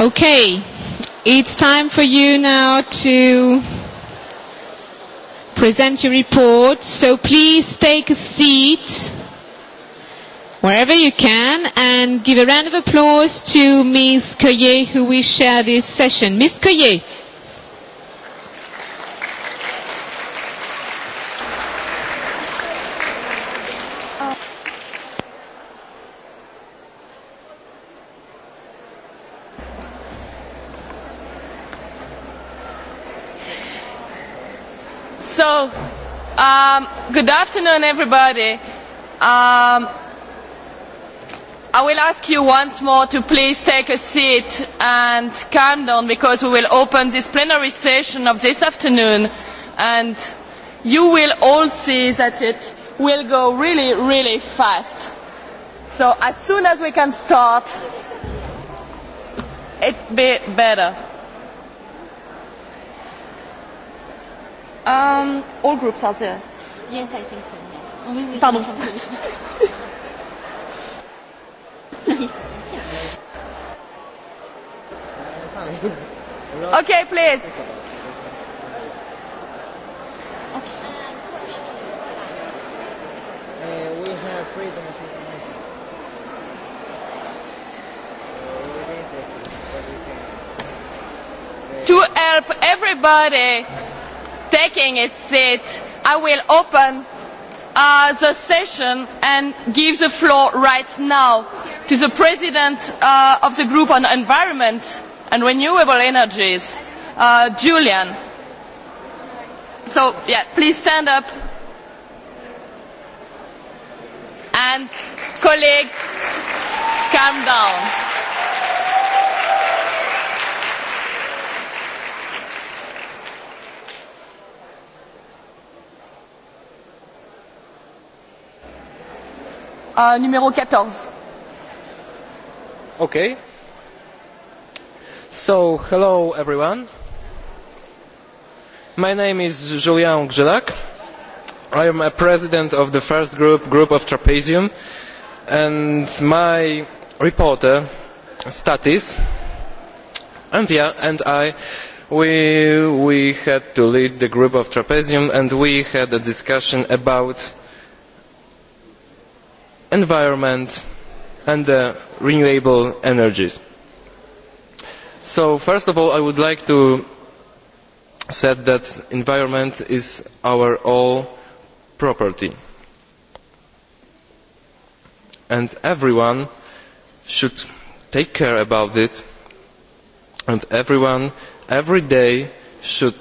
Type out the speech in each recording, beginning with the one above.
Okay, it's time for you now to present your report. So please take a seat wherever you can and give a round of applause to Ms. Coyer who will share this session. Ms. Coyer. good afternoon, everybody. Um, I will ask you once more to please take a seat and calm down because we will open this plenary session of this afternoon and you will all see that it will go really, really fast. So as soon as we can start, it will be better. Um, all groups are there. Yes, I think so. Yeah. Only we Pardon. Can okay, please. To help everybody taking a seat I will open uh, the session and give the floor right now to the President uh, of the Group on Environment and Renewable Energies, uh, Julian. So, yeah, please stand up. And colleagues, calm down. euh, numéro 14. Okay. So, hello everyone. My name is Julian Grzelac. I am a president of the first group, Group of Trapezium, and my reporter, Statis, and, yeah, and I, we, we had to lead the Group of Trapezium and we had a discussion about environment and renewable energies. So first of all I would like to say that the environment is our all property and everyone should take care about it and everyone every day should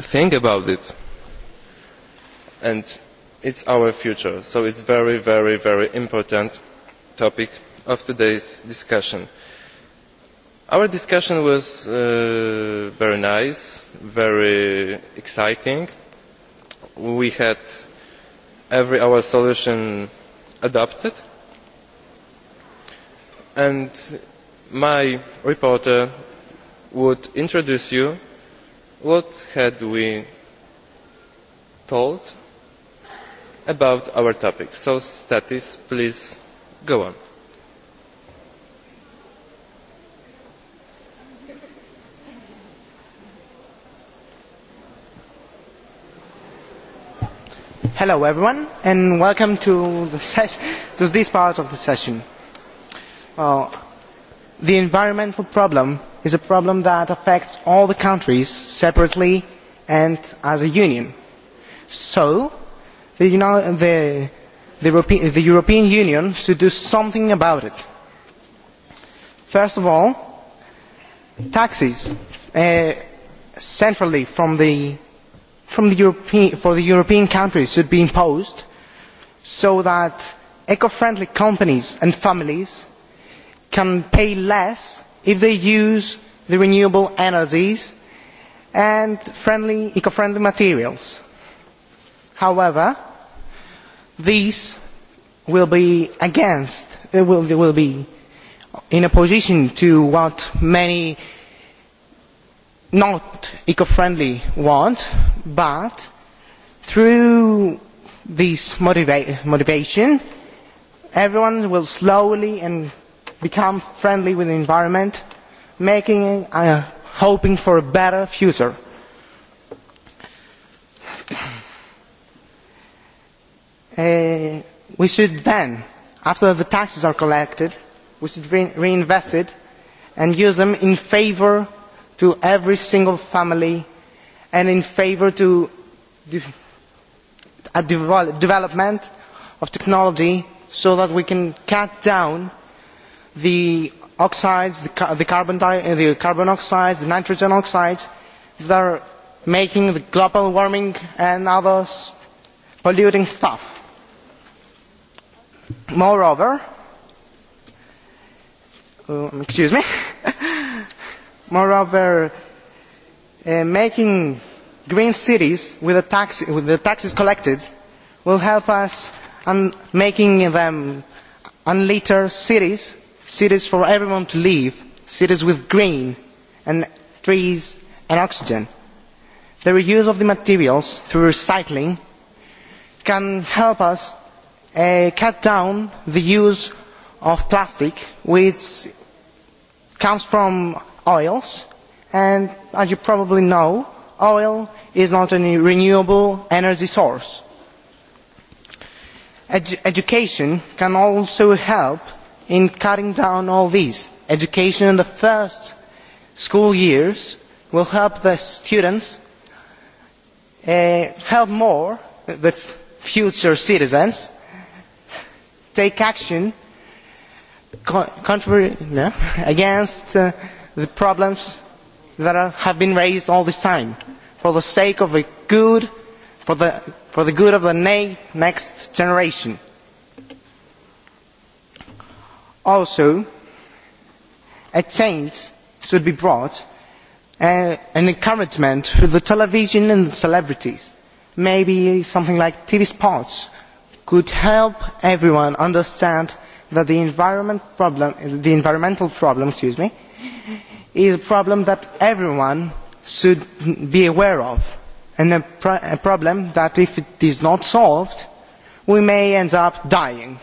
think about it and it is our future so it is a very very, important topic of today's discussion. our discussion was very nice very exciting. we had every our solution adopted and my reporter would introduce you what had we told about our topic. So, Statis, please go on. Hello everyone and welcome to, the ses- to this part of the session. the environmental problem is a problem that affects all the countries separately and as a union. So the, European Union should do something about it. First of all, taxes centrally from the, European, for the European countries should be imposed so that eco-friendly companies and families can pay less if they use the renewable energies and eco-friendly materials However, these will be against, they will, they will be in opposition to what many not eco-friendly want, but through this motiva motivation, everyone will slowly and become friendly with the environment, making uh, hoping for a better future we should then, after the taxes are collected, we should re reinvest it and use them in favour to every single family and in favour to a development of technology so that we can cut down the oxides, the carbon, the carbon oxides, the nitrogen oxides that are making the global warming and other polluting stuff moreover excuse me moreover making green cities with the tax with the taxes collected will help us in making them unlitter cities cities for everyone to live cities with green and trees and oxygen. the reuse of the materials through recycling can help us cut down the use of plastic which comes from oils and as you probably know oil is not a renewable energy source. education can also help in cutting down all this. education in the first school years will help the students help more the future citizens take action contrary, no, against uh, the problems that are, have been raised all this time for the sake of a good for the, for the good of the next generation. Also, a change should be brought uh, an encouragement for the television and the celebrities, maybe something like TV spots could help everyone understand that the, environment problem, the environmental problem excuse me, is a problem that everyone should be aware of and a, pro a problem that if it is not solved we may end up dying.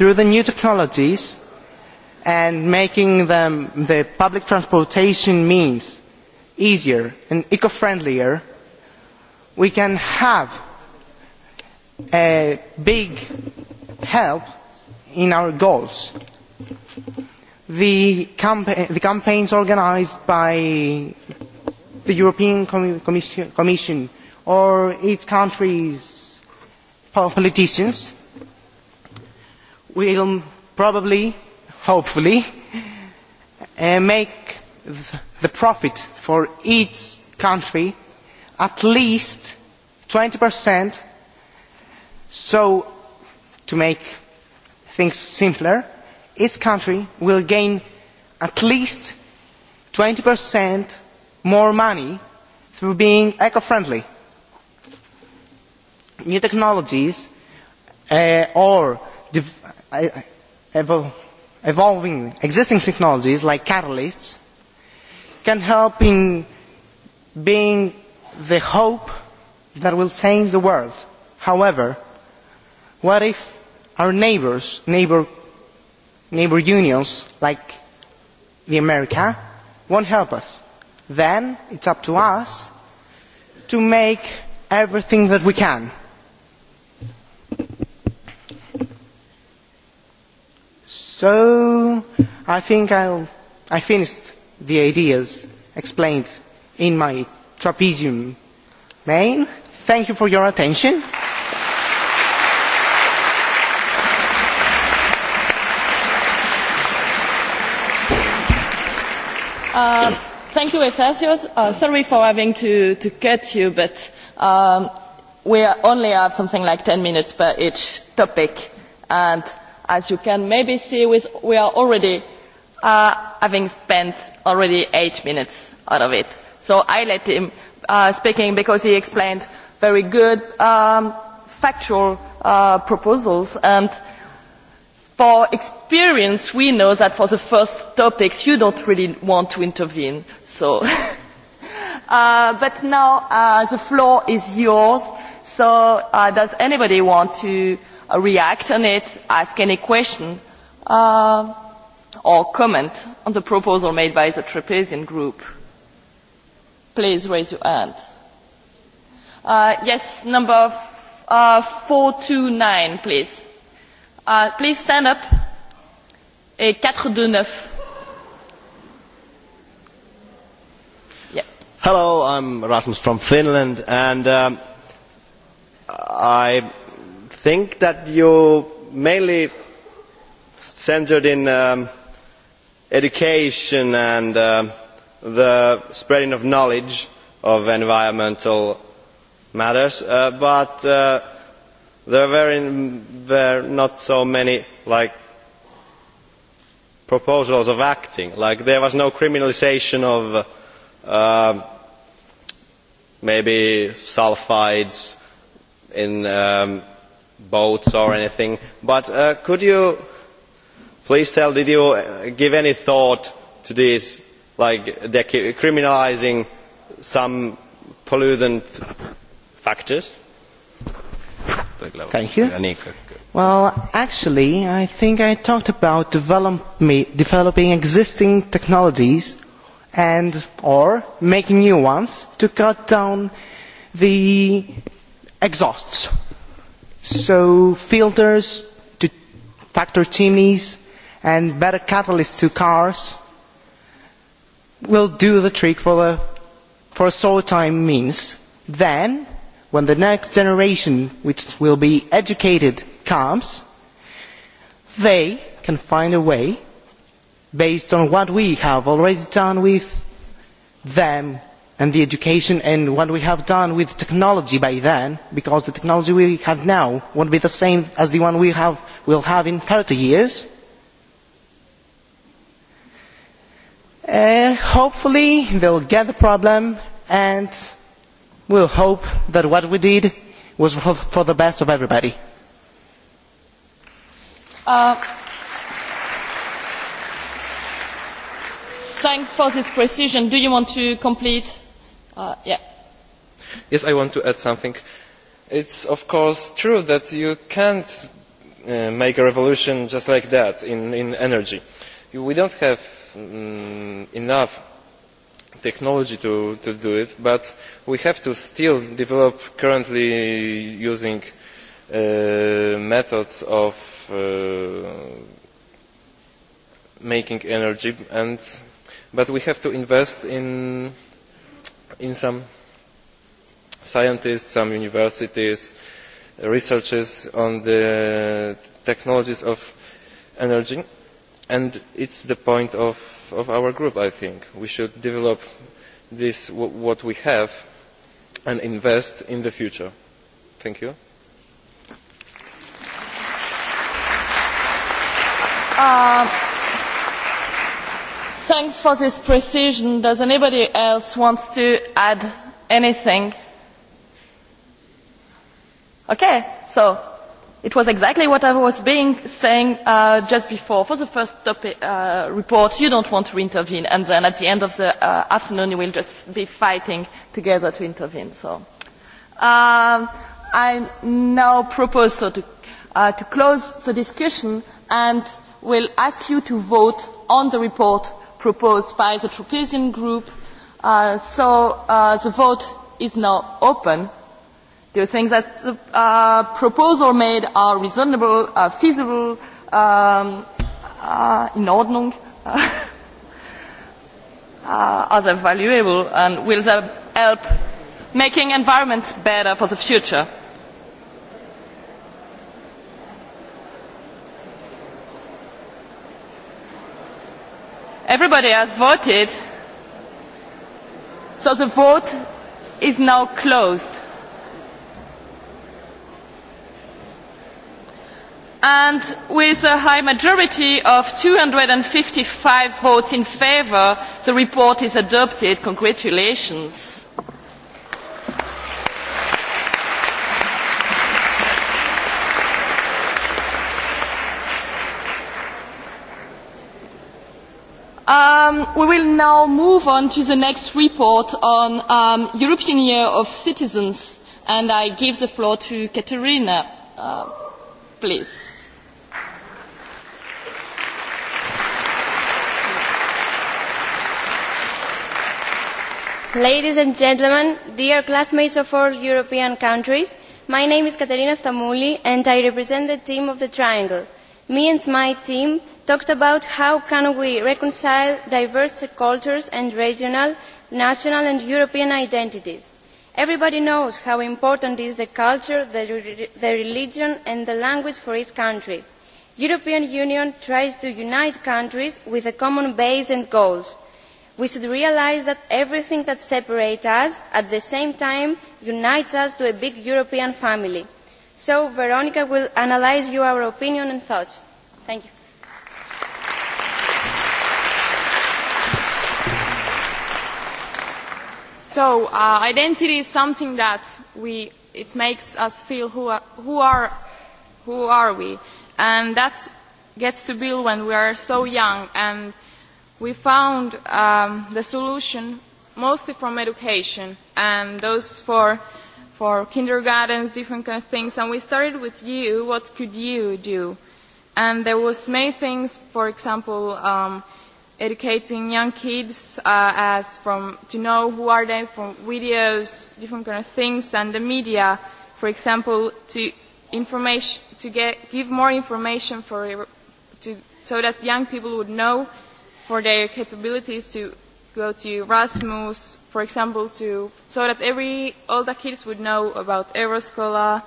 through the new technologies and making them the public transportation means easier and eco-friendlier, we can have a big help in our goals. The, campaigns organised by the European Commission or its countries' politicians will probably hopefully make the profit for each country at least 20% so to make things simpler each country will gain at least 20% more money through being eco-friendly. New technologies or evolving existing technologies like catalysts can help in being the hope that will change the world. However, what if our neighbors, neighbor, neighbor unions like the America, won't help us? Then it's up to us to make everything that we can So I think I'll, I finished the ideas explained in my trapezium main. Thank you for your attention. Uh, thank you, Eustatios. Uh, sorry for having to, to cut you, but um, we only have something like 10 minutes per each topic. And as you can maybe see, we are already uh, having spent already eight minutes out of it. So I let him uh, speaking because he explained very good um, factual uh, proposals and for experience we know that for the first topics you don't really want to intervene so uh, but now uh, the floor is yours so uh, does anybody want to uh, react on it, ask any question uh, or comment on the proposal made by the Trapezian group. Please raise your hand. Uh, yes, number f uh, 429, please. Uh, please stand up. Et 429. Yeah. Hello, I'm Rasmus from Finland, and um, I think that you mainly centred in education and the spreading of knowledge of environmental matters but there were not so many proposals of acting like there was no criminalisation of maybe sulphides in boats or anything but could you please tell did you give any thought to this like criminalising some pollutant factors? well actually i think i talked about developing existing technologies and or making new ones to cut down the exhausts So filters to factor chimneys and better catalysts to cars will do the trick for the for a short time means. Then, when the next generation, which will be educated, comes, they can find a way, based on what we have already done with them and the education and what we have done with technology by then, because the technology we have now won't be the same as the one we have, will have in 30 years. Uh, hopefully they'll get the problem and we'll hope that what we did was for, for the best of everybody. Uh, thanks for this precision. Do you want to complete yes i want to add something. it is of course true that you cannot make a revolution just like that in energy. we do not have enough technology to do it but we have to still develop currently using methods of making energy but we have to invest in in some scientists some universities researchers on the technologies of energy and it is the point of our group i think. we should develop this what we have and invest in the future. thank you. Thanks for this precision. Does anybody else want to add anything? Okay, so it was exactly what I was being saying uh, just before. For the first topic, uh, report, you don't want to intervene, and then at the end of the uh, afternoon, you will just be fighting together to intervene. So um, I now propose so to, uh, to close the discussion and will ask you to vote on the report proposed by the Tropism group. Uh, so uh, the vote is now open. Do you think that the uh, proposal made are reasonable, uh, feasible, um, uh, in ordnung, uh, are they valuable, and will they help making environments better for the future? Everybody has voted. So the vote is now closed. And with a high majority of two hundred and fifty five votes in favour, the report is adopted. Congratulations. we will now move on to the next report on um, European Year of Citizens, and I give the floor to Katerina, uh, please. Ladies and gentlemen, dear classmates of all European countries, my name is Katerina Stamouli and I represent the team of the Triangle. Me and my team talked about how can we reconcile diverse cultures and regional, national and European identities. Everybody knows how important is the culture, the, religion and the language for each country. The European Union tries to unite countries with a common base and goals. We should realise that everything that separates us at the same time unites us to a big European family. So Veronica will analyse your opinion and thoughts. Thank you. So uh, identity is something that we, it makes us feel who are, who are, who are we. And that gets to build when we are so young. And we found um, the solution mostly from education and those for, for kindergartens, different kind of things. And we started with you, what could you do? And there was many things, for example, um, – educating young kids uh, as from to know who are they from videos, different kind of things, and the media, for example, to information to get give more information for to so that young people would know for their capabilities to go to Erasmus, for example, to so that every all the kids would know about Euroscola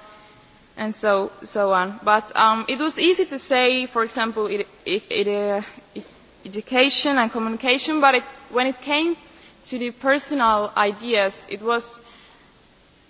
and so so on. But um, it was easy to say, for example, it, it, it, uh, education and communication, but it, when it came to the personal ideas, it was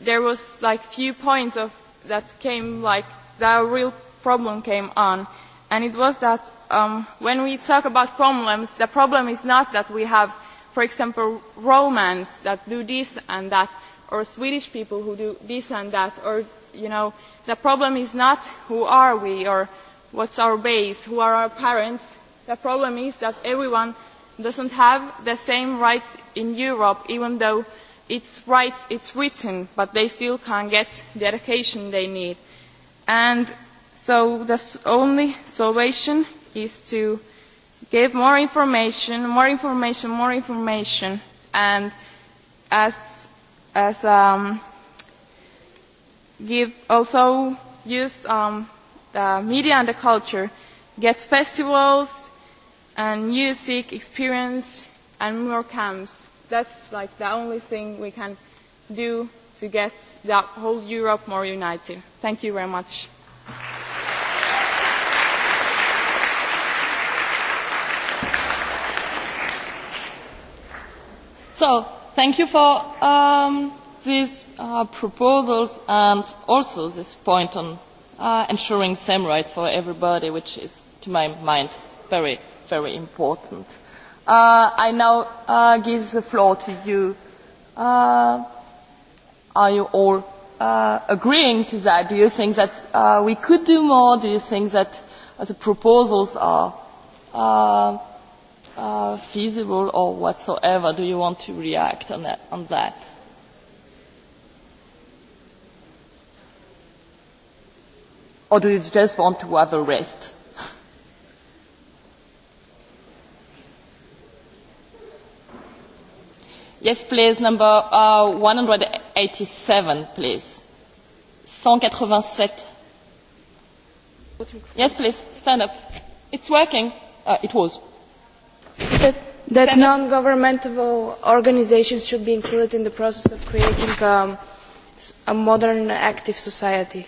there was like few points of that came like the real problem came on, and it was that um, when we talk about problems, the problem is not that we have, for example, Romans that do this and that, or Swedish people who do this and that, or you know, the problem is not who are we or what's our base, who are our parents The problem is that everyone doesn't have the same rights in Europe, even though it's rights, it's written, but they still can't get the education they need. And so the only salvation is to give more information, more information, more information, and as, as um, give also use um, the media and the culture, get festivals, and music, experience, and more camps. That's like the only thing we can do to get the whole Europe more united. Thank you very much. So, thank you for um, these uh, proposals and also this point on uh, ensuring same rights for everybody, which is, to my mind, very very important. Uh, I now uh, give the floor to you. Uh, are you all uh, agreeing to that? Do you think that uh, we could do more? Do you think that uh, the proposals are uh, uh, feasible or whatsoever? Do you want to react on that? On that? Or do you just want to have a rest? Yes, please, number uh, 187, please. 187. Yes, please, stand up. It's working. Uh, it was. That, that non-governmental organizations should be included in the process of creating um, a modern, active society.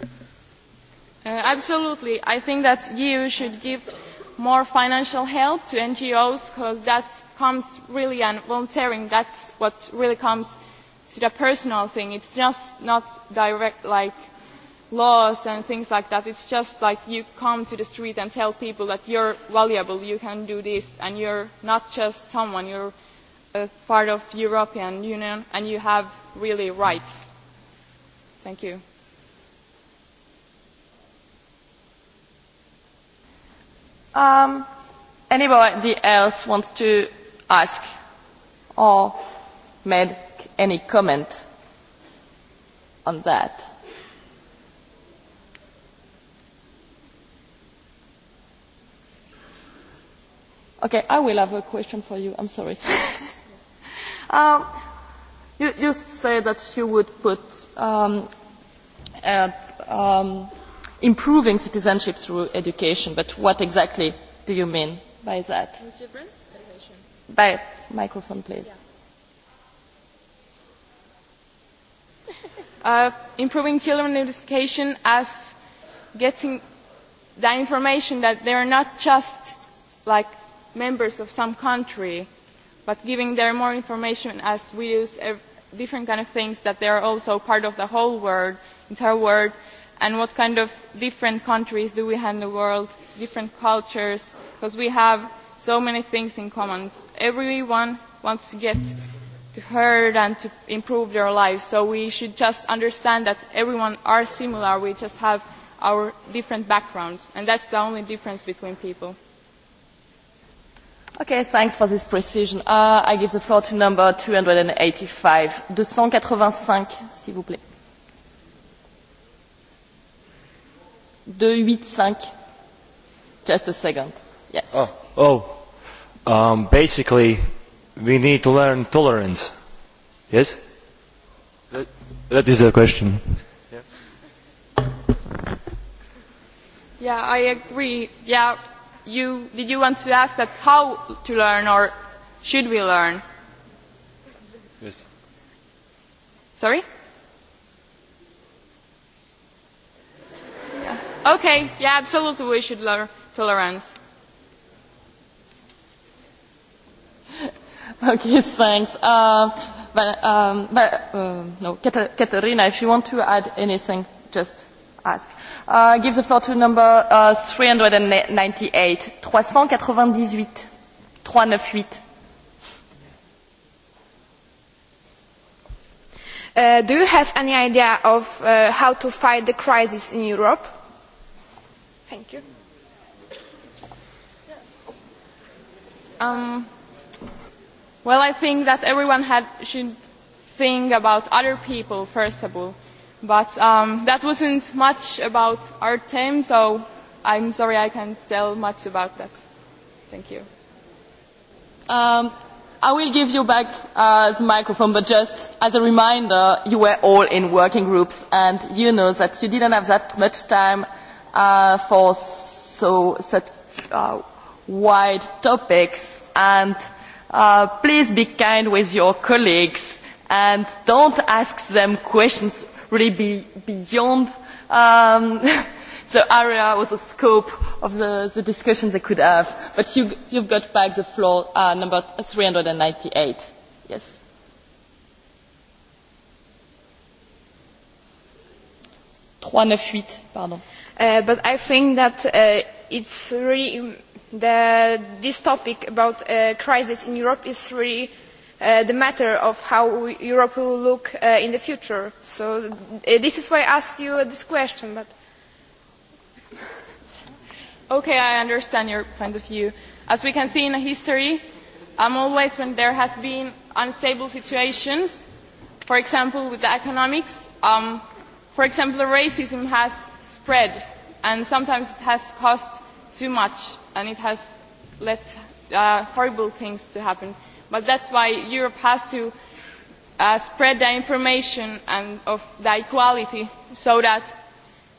Uh, absolutely. I think that you should give more financial help to NGOs because that comes really and volunteering that's what really comes to the personal thing. It's just not direct like laws and things like that. It's just like you come to the street and tell people that you're valuable, you can do this and you're not just someone, you're a part of European Union and you have really rights. Thank you. Um, anybody else wants to ask or make any comment on that? Okay, I will have a question for you. I'm sorry. um, you, you say that you would put um, at, um, improving citizenship through education, but what exactly do you mean by that? By microphone, please. Uh, improving children education as getting the information that they are not just like members of some country, but giving them more information as we use different kind of things that they are also part of the whole world, entire world, and what kind of different countries do we have in the world, different cultures, because we have so many things in common. Everyone wants to get to heard and to improve their lives, so we should just understand that everyone are similar, we just have our different backgrounds, and that's the only difference between people. Okay, thanks for this precision. Uh, I give the floor to number 285. 285, s'il vous plaît. Oh. basically, we need to learn tolerance. Yes? That, that is the question. Yeah, I agree. Yeah, you did you want to ask that how to learn or should we learn? Yes. Sorry? Okay, yeah, absolutely we should learn tolerance. Okay, thanks. Uh, but, um, but, uh, no, Katerina, if you want to add anything, just ask. Uh, give the floor to number uh, 398. 398. 398. Uh, do you have any idea of uh, how to fight the crisis in Europe? Thank you. Um, well, I think that everyone had, should think about other people, first of all. But um, that wasn't much about our team, so I'm sorry I can't tell much about that. Thank you. Um, I will give you back uh, the microphone, but just as a reminder, you were all in working groups, and you know that you didn't have that much time uh, for so such uh, wide topics and uh, please be kind with your colleagues and don't ask them questions really be beyond um, the area or the scope of the, the discussion they could have. But you, you've got back the floor, uh, number 398. Yes. Trois neuf huit, pardon but I think that it's really the, this topic about uh, crisis in Europe is really the matter of how Europe will look in the future. So this is why I asked you this question. But okay, I understand your point of view. As we can see in history, um, always when there has been unstable situations, for example with the economics, um, for example racism has spread, and sometimes it has cost too much, and it has let uh, horrible things to happen. But that's why Europe has to uh, spread the information and of the equality, so that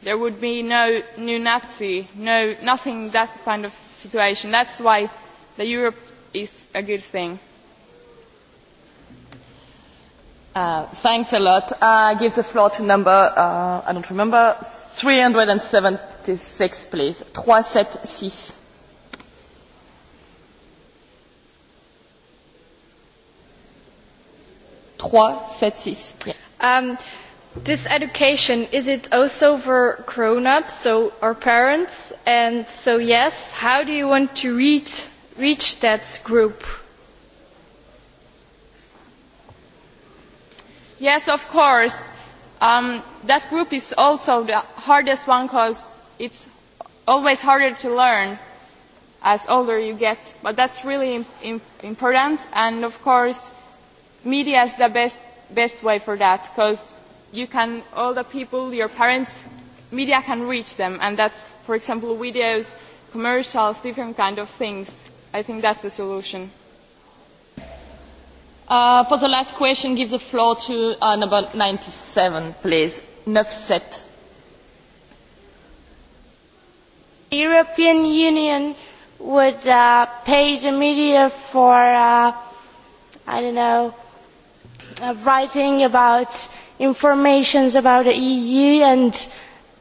there would be no new Nazi, no nothing that kind of situation. That's why the Europe is a good thing. Uh, thanks a lot. Uh, give the floor to number, uh, I don't remember, please. Um, this education is it also for grown-ups, so our parents? And so yes, how do you want to reach reach that group? Yes, of course that group is also the hardest one because it's always harder to learn as older you get, but that's really important. And of course, media is the best best way for that because you can all the people, your parents, media can reach them, and that's for example videos, commercials, different kind of things. I think that's the solution for the last question, give the floor to uh, ninety seven, please. Nefset. The European Union would uh, pay the media for, uh, I don't know, writing about information about the EU and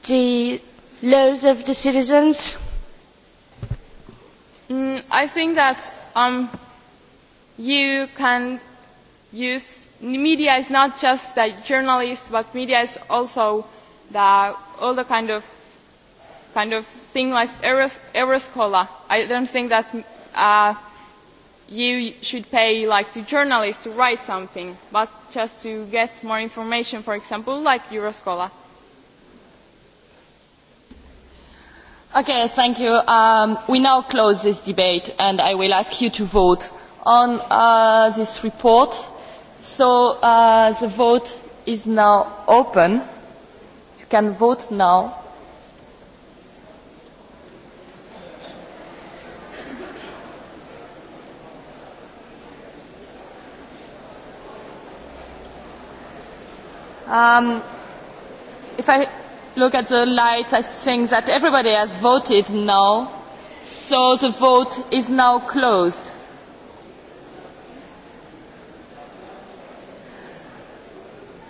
the laws of the citizens? Mm, I think that um, you can use media is not just the journalists but media is also the all the kind of kind of thing like Euroscola. I don't think that uh, you should pay like to journalists to write something, but just to get more information, for example, like Euroscola. Okay, thank you. Um, we now close this debate, and I will ask you to vote on uh, this report So uh, the vote is now open. You can vote now. Um, if I look at the lights, I think that everybody has voted now. So the vote is now closed.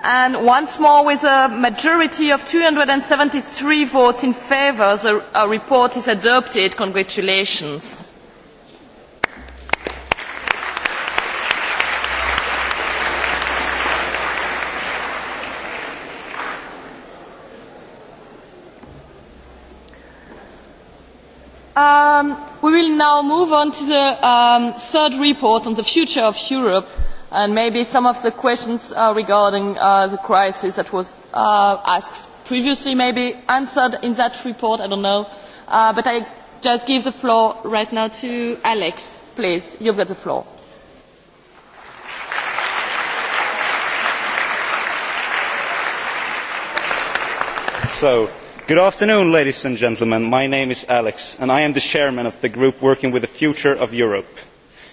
and once more with a majority of 273 votes in favour the report is adopted. congratulations. Um, we will now move on to the um, third report on the future of europe and maybe some of the questions regarding the crisis that was asked previously may be answered in that report i do not know but i just give the floor right now to alex please you have got the floor. good afternoon ladies and gentlemen my name is alex and i am the chairman of the group working with the future of europe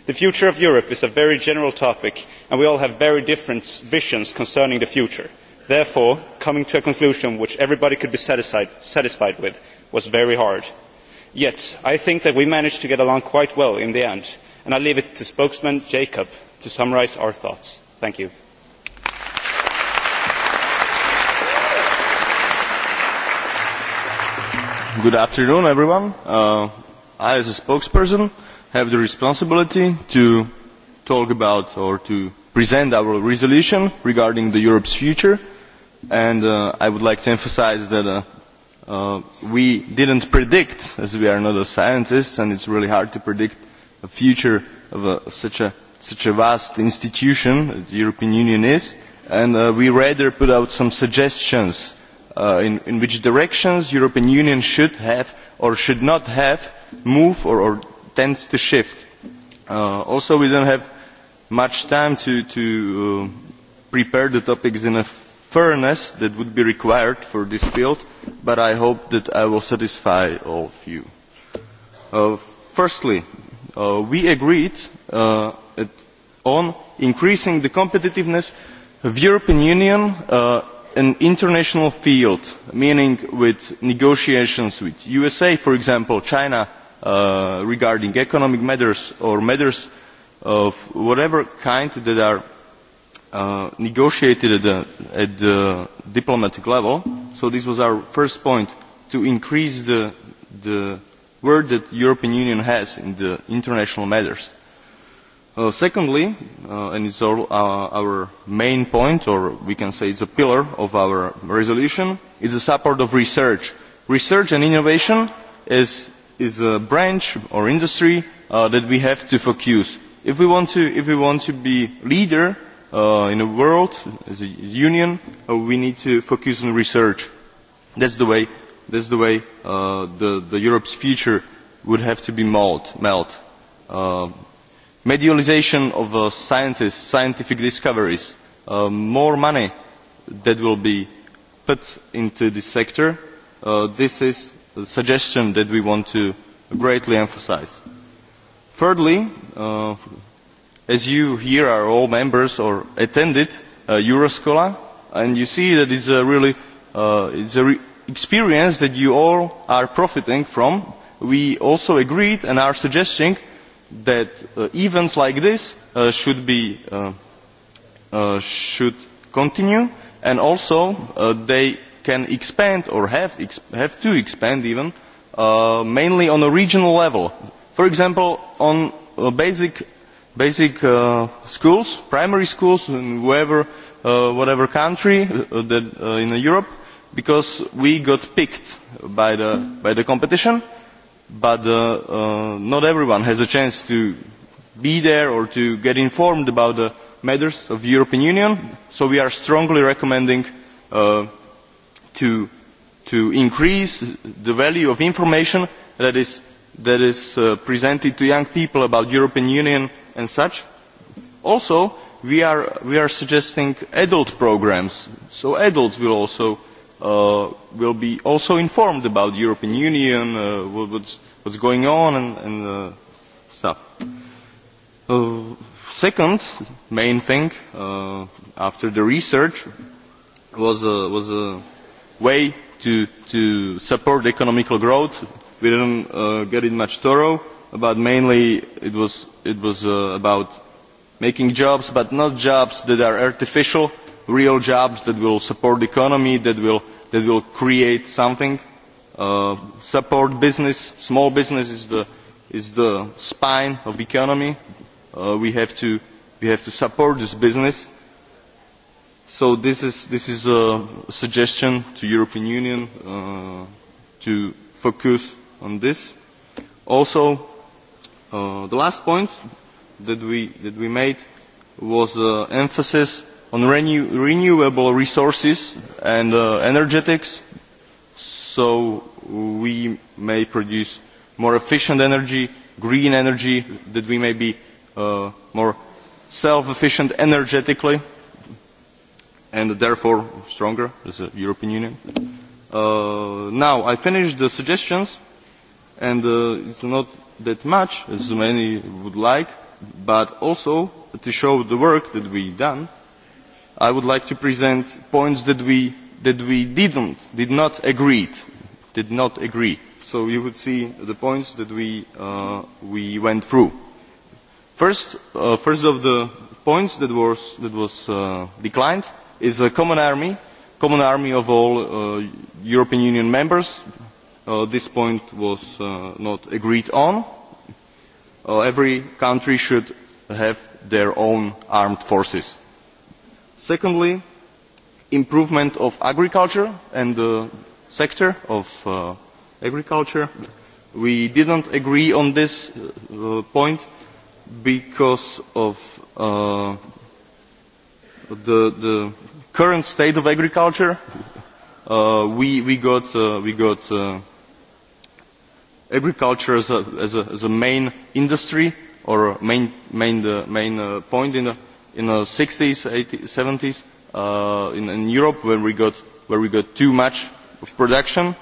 the future of europe is a very general topic and we all have very different visions concerning the future. therefore coming to a conclusion which everybody could be satisfied with was very hard. yet i think that we managed to get along quite well in the end and i leave it to spokesman jacob to summarise our thoughts. thank you. good afternoon everyone. i as a spokesperson have the responsibility to talk about or to present our resolution regarding the Europe's future. And uh, I would like to emphasize that uh, uh, we didn't predict, as we are not a scientist, and it's really hard to predict a future of a, such a such a vast institution that the European Union is, and uh, we rather put out some suggestions uh, in, in which directions the European Union should have or should not have moved or, or tends to shift. Uh, also, we don't have much time to, to uh, prepare the topics in a fairness that would be required for this field, but I hope that I will satisfy all of you. Uh, firstly, uh, we agreed uh, at, on increasing the competitiveness of the European Union uh, an international field, meaning with negotiations with USA, for example, China, uh, regarding economic matters or matters of whatever kind that are uh, negotiated at the, at the diplomatic level. So this was our first point, to increase the, the word that the European Union has in the international matters. Uh, secondly, uh, and it's all, uh, our main point, or we can say it's a pillar of our resolution, is the support of research. Research and innovation is is a branch or industry that we have to focus. If we want to, if we want to be leader uh, in the world as a union, uh, we need to focus on research. That's the way. That's the way uh, the, the Europe's future would have to be mold, melt. Uh, medialization of uh, scientists, scientific discoveries, uh, more money that will be put into this sector. Uh, this is suggestion that we want to greatly emphasize. Thirdly, uh, as you here are all members or attended uh, Euroscola, and you see that it's a really uh, it's a re experience that you all are profiting from. We also agreed and are suggesting that uh, events like this uh, should be uh, uh, should continue, and also uh, they can expand or have, have to expand even mainly on a regional level. For example, on basic, basic schools, primary schools in whoever, whatever country in Europe, because we got picked by the, by the competition, but not everyone has a chance to be there or to get informed about the matters of the European Union, so we are strongly recommending to increase the value of information that is presented to young people about the european union and such. also we are suggesting adult programmes so adults will also be also informed about the european union what is going on and stuff. second main thing after the research was way to, to support economic growth. We did not get it much thorough, but mainly it was, about making jobs, but not jobs that are artificial, real jobs that will support the economy, that will, that will create something, support business. Small business is the, is the spine of the economy. we have to support this business So this is, this is a suggestion to European Union uh, to focus on this. Also, uh, the last point that we, that we made was uh, emphasis on renew, renewable resources and uh, energetics, so we may produce more efficient energy, green energy, that we may be uh, more self-efficient energetically and therefore stronger as a European Union. now, I finished the suggestions, and it it's not that much as many would like, but also to show the work that have done, I would like to present points that we, that we didn't, did not agree, did not agree. So you would see the points that we, uh, we went through. First, uh, first of the points that was, that was uh, declined is a common army, common army of all uh, European Union members. Uh, this point was uh, not agreed on. Uh, every country should have their own armed forces. Secondly, improvement of agriculture and the sector of uh, agriculture. We didn't agree on this uh, point because of uh, the, the current state of agriculture, uh, we, we got, uh, we got uh, agriculture as a, as, a, as a main industry or main, main, uh, main uh, point in the, in the 60s, 80s, 70s uh, in, in Europe when we got, where we got too much of production.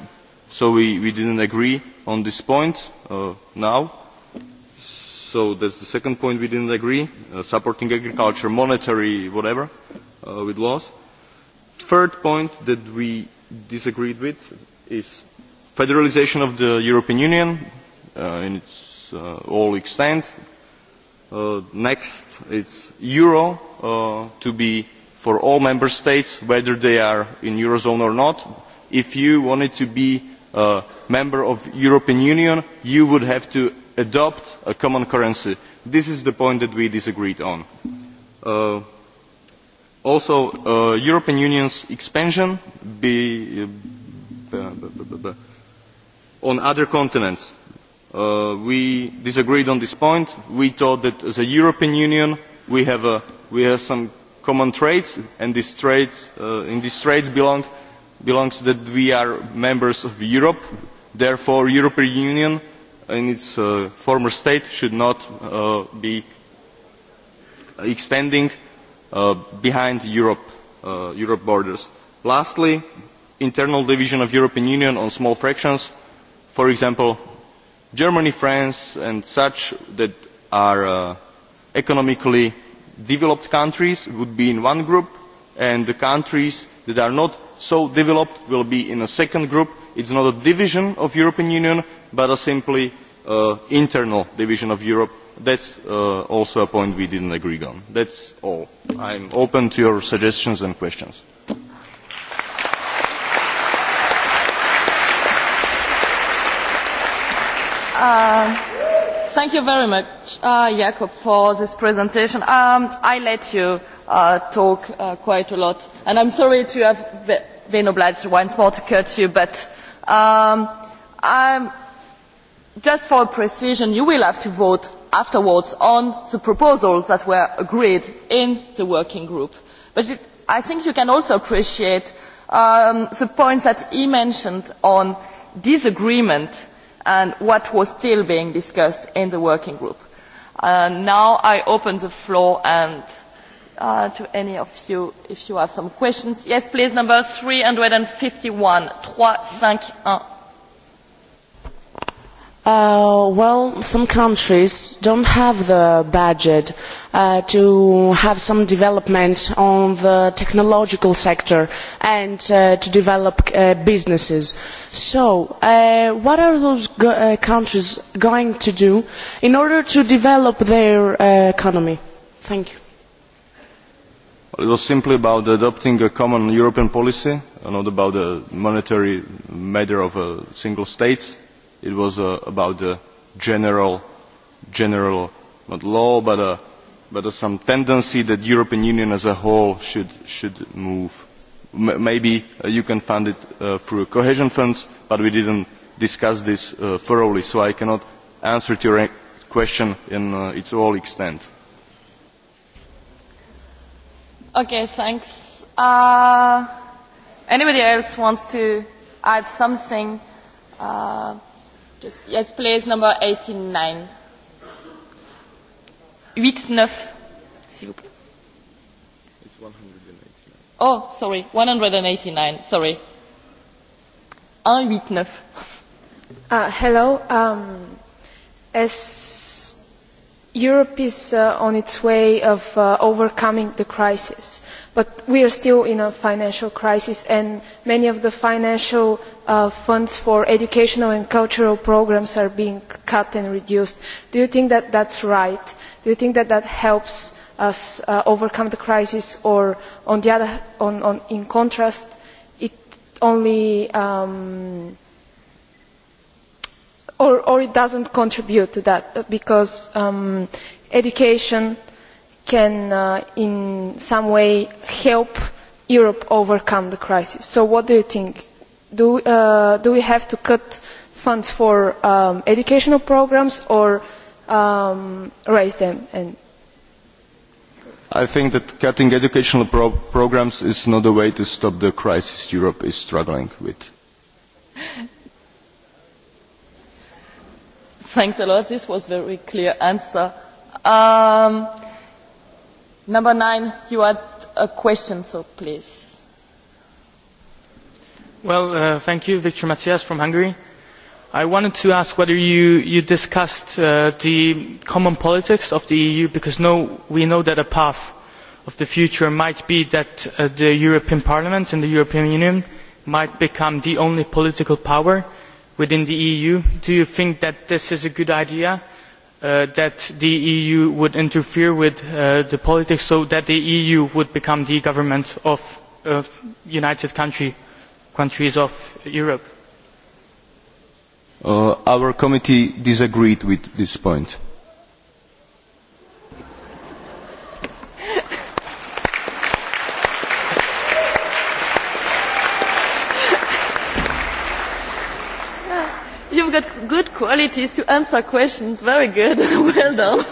So we, we didn't agree on this point uh, now So that's the second point we didn't agree, uh, supporting agriculture, monetary, whatever, uh, with laws. Third point that we disagreed with is federalization of the European Union uh, in its uh, all extent. Uh, next, it's euro uh, to be for all member states, whether they are in eurozone or not. If you wanted to be a member of European Union, you would have to adopt a common currency. this is the point that we disagreed on. also the european union's expansion on other continents we disagreed on this point. we thought that as a european union we have some common traits and these traits in these traits belong belongs that we are members of europe therefore the european union in its uh, former state should not uh, be extending uh, behind Europe, uh, Europe borders. Lastly, internal division of European Union on small fractions, for example, Germany, France and such that are uh, economically developed countries would be in one group and the countries that are not so developed will be in a second group. It is not a division of the European Union, but a simply internal division of Europe, That is also a point we did not agree on. That is all. I am open to your suggestions and questions. thank you very much, uh, Jakob, for this presentation. Um, I let you uh, talk uh, quite a lot, and I'm sorry to have been obliged once more to cut you, but um, I'm just for precision you will have to vote afterwards on the proposals that were agreed in the working group but i think you can also appreciate the points that he mentioned on disagreement and what was still being discussed in the working group. now i open the floor to any of you if you have some questions. yes please number three hundred and fifty one three well, some countries don't have the budget to have some development on the technological sector and to develop businesses. So, what are those countries going to do in order to develop their economy? Thank you. It was simply about adopting a common European policy, not about a monetary matter of single states It was uh, about the general, general, not law, but, uh, but uh, some tendency that European Union as a whole should, should move. M maybe uh, you can fund it uh, through cohesion funds, but we didn't discuss this uh, thoroughly, so I cannot answer to your question in uh, its all extent. Okay, thanks. Uh, anybody else wants to add something? Uh, Just, yes, please, number 89. 8-9, s'il vous plaît. It's 189. Oh, sorry, 189, sorry. 189. Uh, hello. Um, as Europe is on its way of overcoming the crisis, but we are still in a financial crisis, and many of the financial funds for educational and cultural programmes are being cut and reduced. Do you think that that is right? Do you think that that helps us overcome the crisis, or on the other, hand on, in contrast, it only um, or, it it doesn't contribute to that because education can in some way help Europe overcome the crisis. So what do you think? Do, uh, do we have to cut funds for educational programmes or raise them? I think that cutting educational programmes is not the way to stop the crisis Europe is struggling with Thanks a lot. This was a very clear answer. Um, number nine, you had a question, so please. Well, uh, thank you, Victor Matias from Hungary. I wanted to ask whether you, you discussed uh, the common politics of the EU, because no, we know that a path of the future might be that uh, the European Parliament and the European Union might become the only political power within the eu do you think that this is a good idea that the eu would interfere with the politics so that the eu would become the government of united countries of europe? our committee disagreed with this point. you've got good qualities to answer questions. Very good. well done.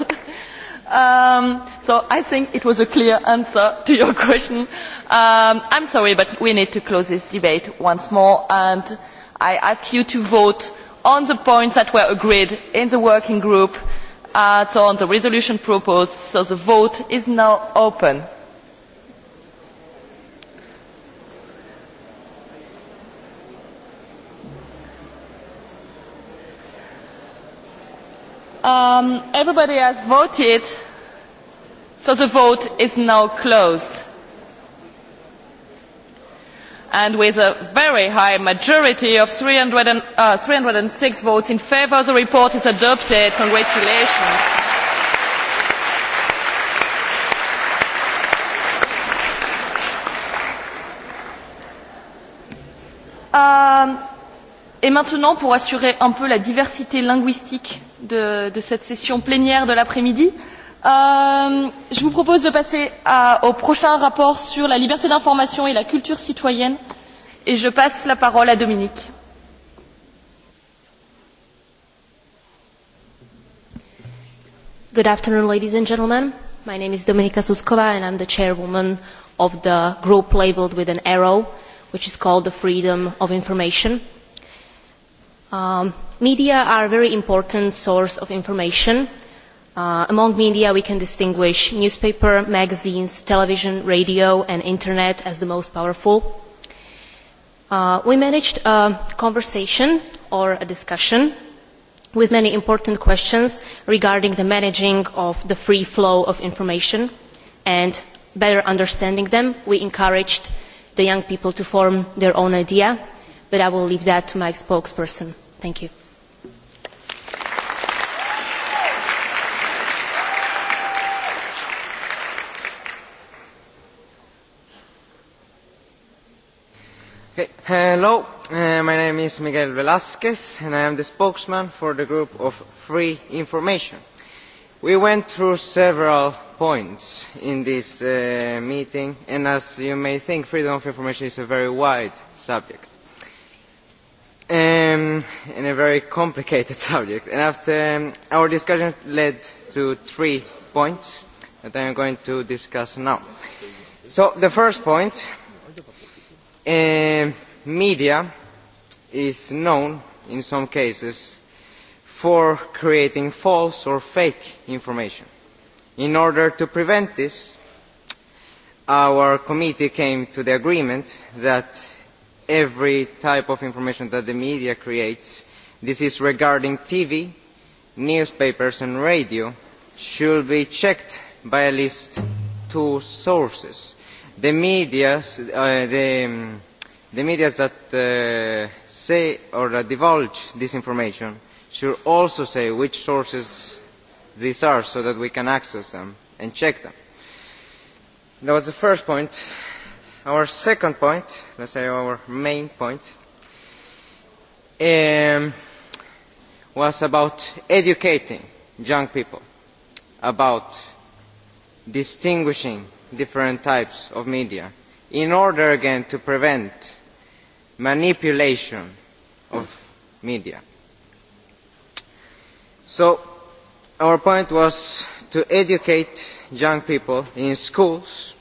Um, so I think it was a clear answer to your question. Um, I'm sorry, but we need to close this debate once more, and I ask you to vote on the points that were agreed in the working group, uh, so on the resolution proposed. So the vote is now open. everybody has voted, so the vote is now closed. And with a very high majority of 300 and, uh, 306 votes in favour, the report is adopted. Congratulations. Um, Et maintenant, pour assurer un peu la diversité linguistique de, de cette session plénière de l'après-midi, euh, je vous propose de passer à, au prochain rapport sur la liberté d'information et la culture citoyenne. Et je passe la parole à Dominique. Good afternoon, ladies and gentlemen. My name is Dominika Suskova, and I'm the chairwoman of the group labeled with an arrow, which is called the Freedom of Information media are a very important source of information. among media, we can distinguish newspaper, magazines, television, radio, and internet as the most powerful. we managed a conversation or a discussion with many important questions regarding the managing of the free flow of information and better understanding them. We encouraged the young people to form their own idea but I will leave that to my spokesperson. Thank you. Hello, my name is Miguel Velasquez and I am the spokesman for the group of Free Information. We went through several points in this meeting and as you may think, freedom of information is a very wide subject um, in a very complicated subject. And after um, our discussion led to three points that I am going to discuss now. So the first point, uh, media is known in some cases for creating false or fake information. In order to prevent this, our committee came to the agreement that every type of information that the media creates. This is regarding TV, newspapers and radio should be checked by at least two sources. The medias, the, the medias that say or that divulge this information should also say which sources these are so that we can access them and check them. That was the first point. Our second point, let's say our main point, um, was about educating young people about distinguishing different types of media in order again to prevent manipulation of media. So our point was to educate young people in schools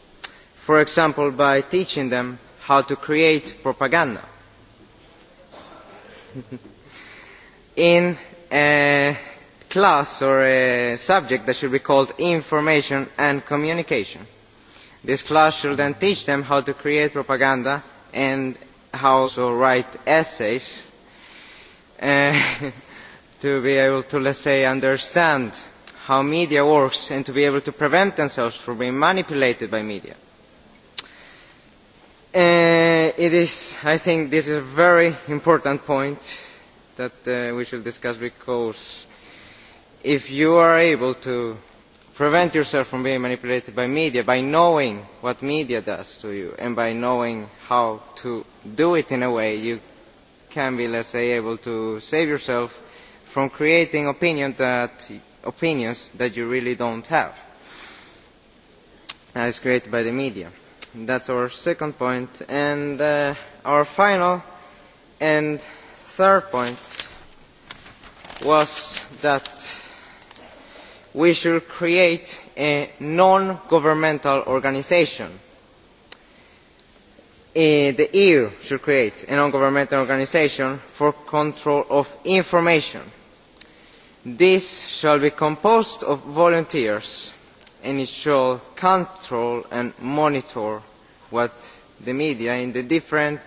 for example by teaching them how to create propaganda. In a class or a subject that should be called information and communication. This class should then teach them how to create propaganda and how to write essays uh, to be able to, let's say, understand how media works and to be able to prevent themselves from being manipulated by media it is, I think this is a very important point that uh, we should discuss because if you are able to prevent yourself from being manipulated by media by knowing what media does to you and by knowing how to do it in a way you can be, let's say, able to save yourself from creating opinion that, opinions that you really don't have, as created by the media. That's our second point. And uh, our final and third point was that we should create a non-governmental organization. The EU should create a non-governmental organization for control of information. This shall be composed of volunteers and it shall control and monitor what the media in the different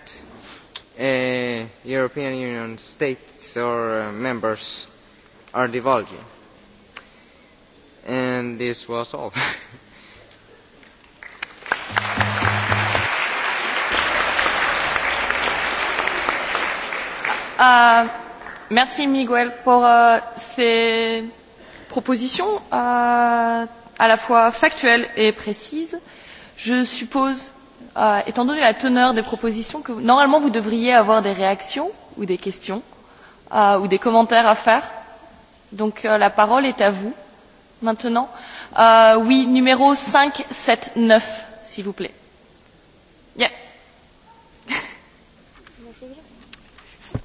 uh, European Union states or uh, members are divulging. And this was all. Uh, merci Miguel pour uh, ces propositions uh, à la fois factuelles et précises. Je suppose euh, étant donné la teneur des propositions, que normalement vous devriez avoir des réactions ou des questions euh, ou des commentaires à faire. Donc euh, la parole est à vous maintenant. Euh, oui, numéro 579, s'il vous plaît. Yeah.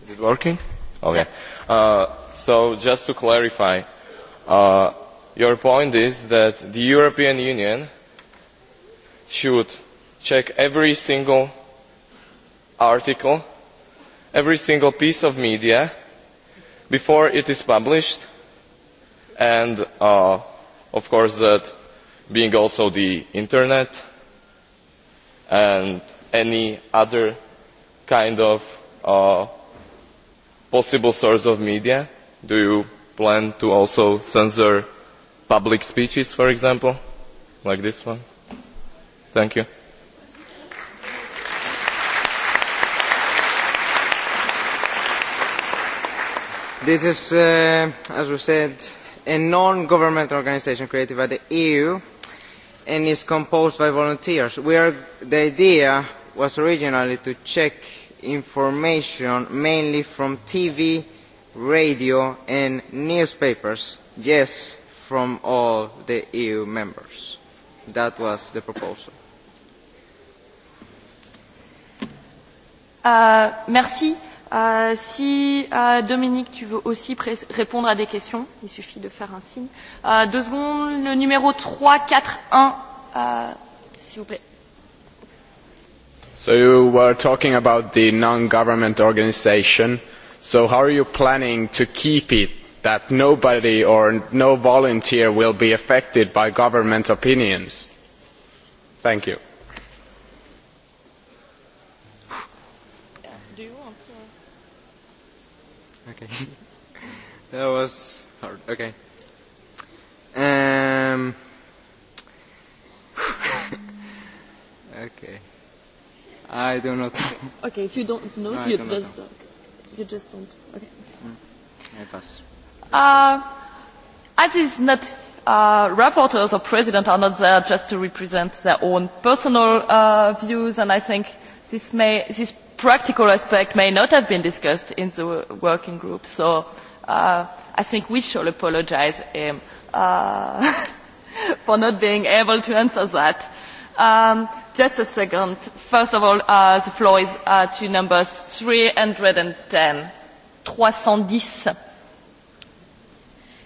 Is it working? Okay. Uh, so just to clarify, uh, your point is that the European Union should check every single article, every single piece of media before it is published, and uh, of course that being also the internet and any other kind of uh, possible source of media? Do you plan to also censor public speeches, for example, like this one? Thank you. This is, uh, as we said, a non-governmental organisation created by the EU and is composed by volunteers. We are, the idea was originally to check information mainly from TV, radio and newspapers, yes, from all the EU members. That was the proposal. Uh, merci Euh, si euh, Dominique, tu veux aussi répondre à des questions, il suffit de faire un signe. Euh, deux secondes, le numéro 341, euh, s'il vous plaît. So you were talking about the non-government organization. So how are you planning to keep it that nobody or no volunteer will be affected by government opinions? Thank you Okay. that was hard. Okay. Um. okay. I do not. okay, if you don't know, no, you don't just know. Don't. you just don't. Okay. Mm. I pass. Uh, as is not. Uh, reporters or president are not there just to represent their own personal uh, views, and I think this may this practical aspect may not have been discussed in the working group, so uh, I think we should apologize him uh, for not being able to answer that. Um, just a second. First of all, uh, the floor is uh, to number 310. 310.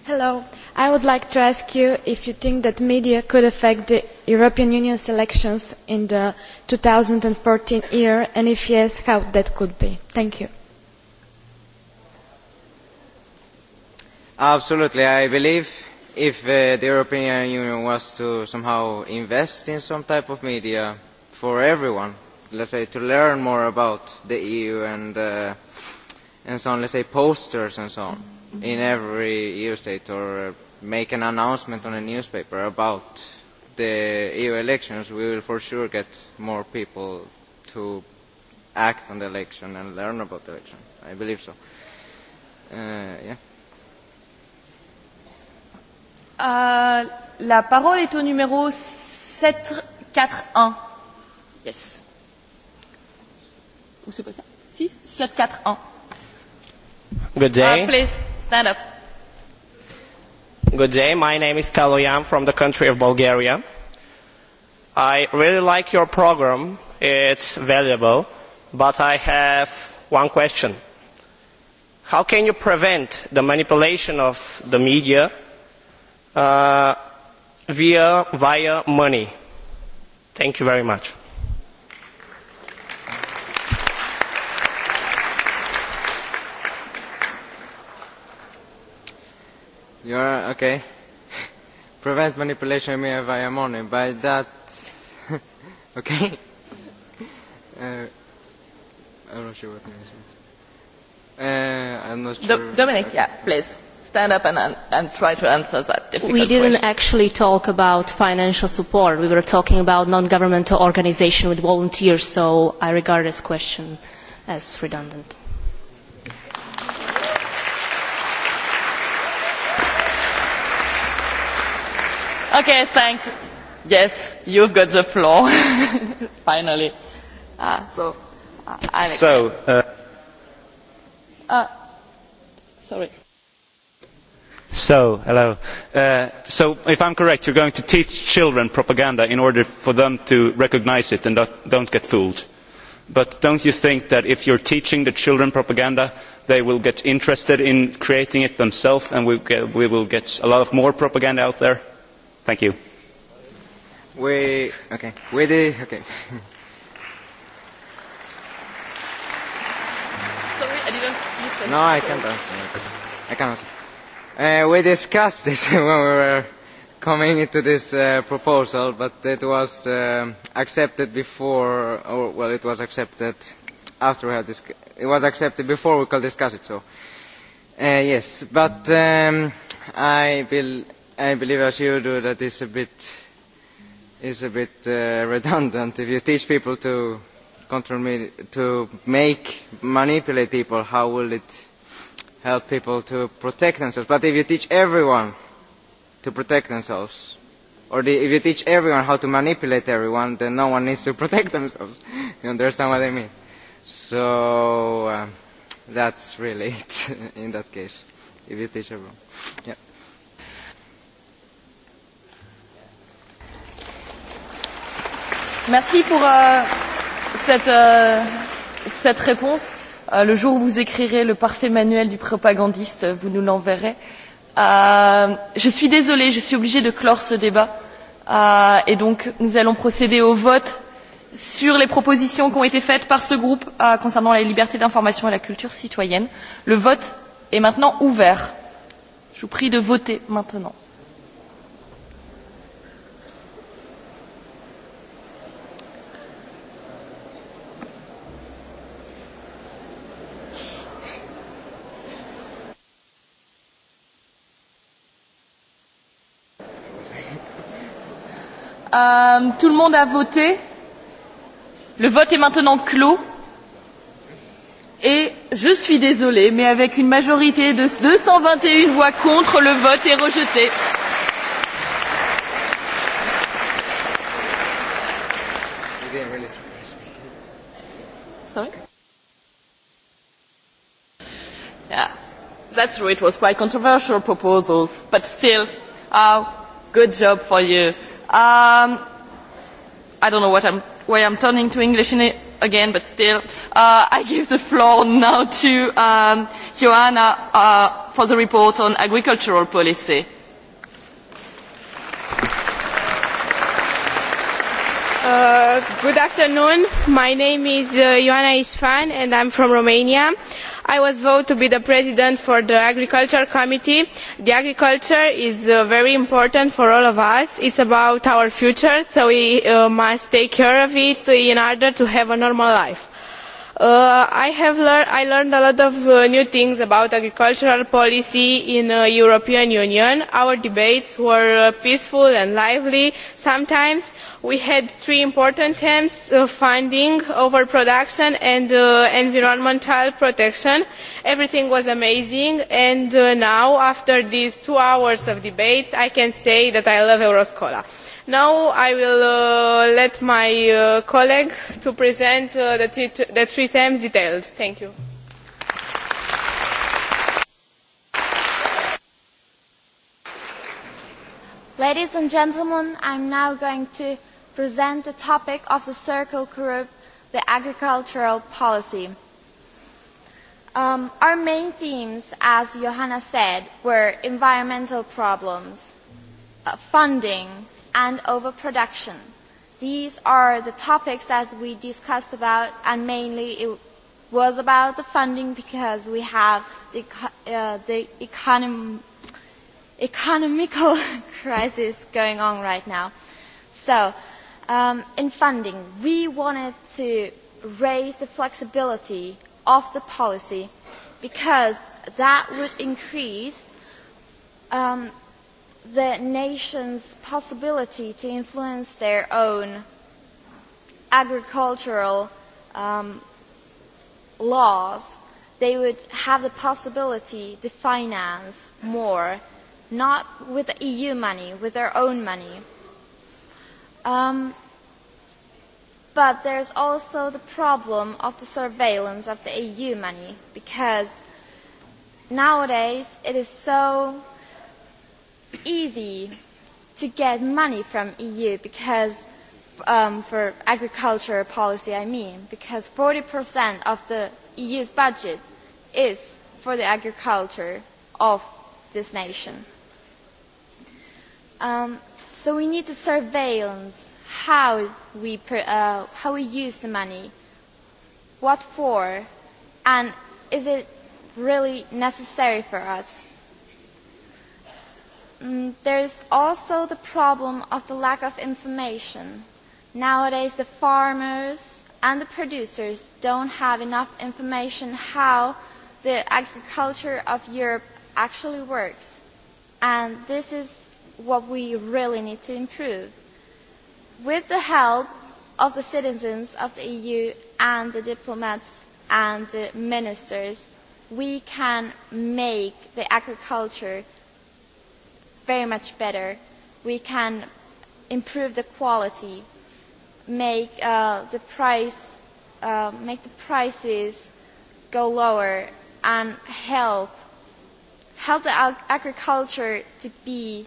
Hello. I would like to ask you if you think that media could affect the European Union's elections in the 2014 year, and if yes, how that could be. Thank you. Absolutely. I believe if uh, the European Union was to somehow invest in some type of media for everyone, let's say to learn more about the EU and, uh, and so on, let's say posters and so on, in every EU state or make an announcement on a newspaper about the EU elections, we will for sure get more people to act on the election and learn about the election. I believe so. Uh, yeah. Uh, la parole est au numéro 741. Yes. Ou c'est pas ça Si 741. Good day. Uh, please Stand up. Good day. My name is Kaloyan from the country of Bulgaria. I really like your program. It's valuable. But I have one question. How can you prevent the manipulation of the media uh, via, via money? Thank you very much. You are okay. Prevent manipulation via money. By that, okay. Uh, I'm not sure what means. Uh, I'm not sure. Dominic, yeah, please stand up and, and try to answer that difficult We didn't question. actually talk about financial support. We were talking about non-governmental organization with volunteers, so I regard this question as redundant. Okay, thanks. Yes, you've got the floor. Finally. so, Alex. So, uh, uh, sorry. So, hello. Uh, so, if I'm correct, you're going to teach children propaganda in order for them to recognize it and not, don't get fooled. But don't you think that if you're teaching the children propaganda, they will get interested in creating it themselves and we, we will get a lot of more propaganda out there? Thank you. We, okay. We did, okay. Sorry, I didn't listen. No, I can't answer. I can't answer. Uh, we discussed this when we were coming into this uh, proposal, but it was um, accepted before, or well, it was accepted after we had this. It was accepted before we could discuss it. So, uh, yes, but um, I will I believe, as you do, that it's a bit, it's a bit uh, redundant. If you teach people to control me, to make manipulate people, how will it help people to protect themselves? But if you teach everyone to protect themselves, or the, if you teach everyone how to manipulate everyone, then no one needs to protect themselves. you understand what I mean? So uh, that's really it in that case. If you teach everyone, yeah. Merci pour euh, cette, euh, cette réponse. Euh, le jour où vous écrirez le parfait manuel du propagandiste, vous nous l'enverrez. Euh, je suis désolée, je suis obligée de clore ce débat. Euh, et donc, nous allons procéder au vote sur les propositions qui ont été faites par ce groupe euh, concernant la liberté d'information et la culture citoyenne. Le vote est maintenant ouvert. Je vous prie de voter maintenant. Euh, tout le monde a voté. Le vote est maintenant clos. Et je suis désolée, mais avec une majorité de 221 voix contre, le vote est rejeté. Sorry? Yeah, that's true. It was quite controversial proposals, but still, oh, good job for you. Um, I don't know what I'm, why I'm turning to English in it again, but still, uh, I give the floor now to um, Joanna uh, for the report on agricultural policy. Uh, good afternoon. My name is uh, Ioana Isfan and I'm from Romania. Uh, i was voted to be the president for the agriculture committee. agriculture is very important for all of us. it is about our future so we must take care of it in order to have a normal life. I learned a lot of new things about agricultural policy in the European Union. Our debates were peaceful and lively sometimes we had three important themes uh, funding, overproduction, and uh, environmental protection. Everything was amazing, and uh, now, after these two hours of debates, I can say that I love Euroscola. Now I will uh, let my uh, colleague to present uh, the, three the three themes details. Thank you. Ladies and gentlemen, I'm now going to present the topic of the circle group, the agricultural policy. Um, our main themes, as Johanna said, were environmental problems, uh, funding, and overproduction. These are the topics that we discussed about, and mainly it was about the funding because we have the, uh, the economy economical crisis going on right now. So Um, in funding, we wanted to raise the flexibility of the policy because that would increase um, the nation's possibility to influence their own agricultural um, laws. They would have the possibility to finance more, not with EU money, with their own money Um, but there's also the problem of the surveillance of the EU money because nowadays it is so easy to get money from EU because um, for agriculture policy I mean because 40% of the EU's budget is for the agriculture of this nation. Um, So we need to surveillance how we, uh, how we use the money, what for, and is it really necessary for us? Mm, there's also the problem of the lack of information. Nowadays, the farmers and the producers don't have enough information how the agriculture of Europe actually works. And this is what we really need to improve. With the help of the citizens of the EU and the diplomats and the ministers, we can make the agriculture very much better. We can improve the quality, make uh, the price, uh, make the prices go lower, and help help the agriculture to be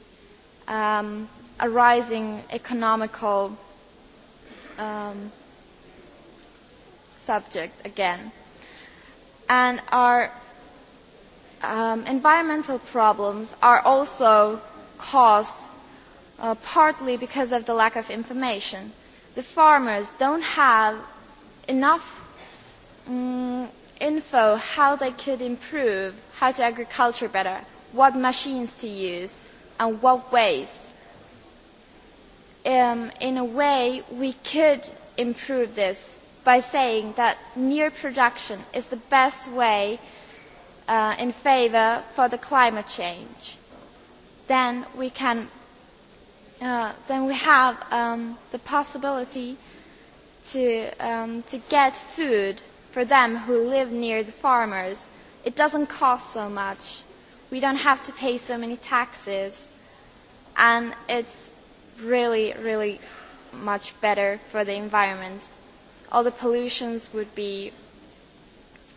um, a rising economical um, subject again. And our um, environmental problems are also caused uh, partly because of the lack of information. The farmers don't have enough um, info how they could improve, how to agriculture better, what machines to use, and what ways? Um, in a way, we could improve this by saying that near production is the best way uh, in favor for the climate change. Then we can, uh, then we have um, the possibility to um, to get food for them who live near the farmers. It doesn't cost so much we don't have to pay so many taxes. And it's really, really much better for the environment. All the pollutions would be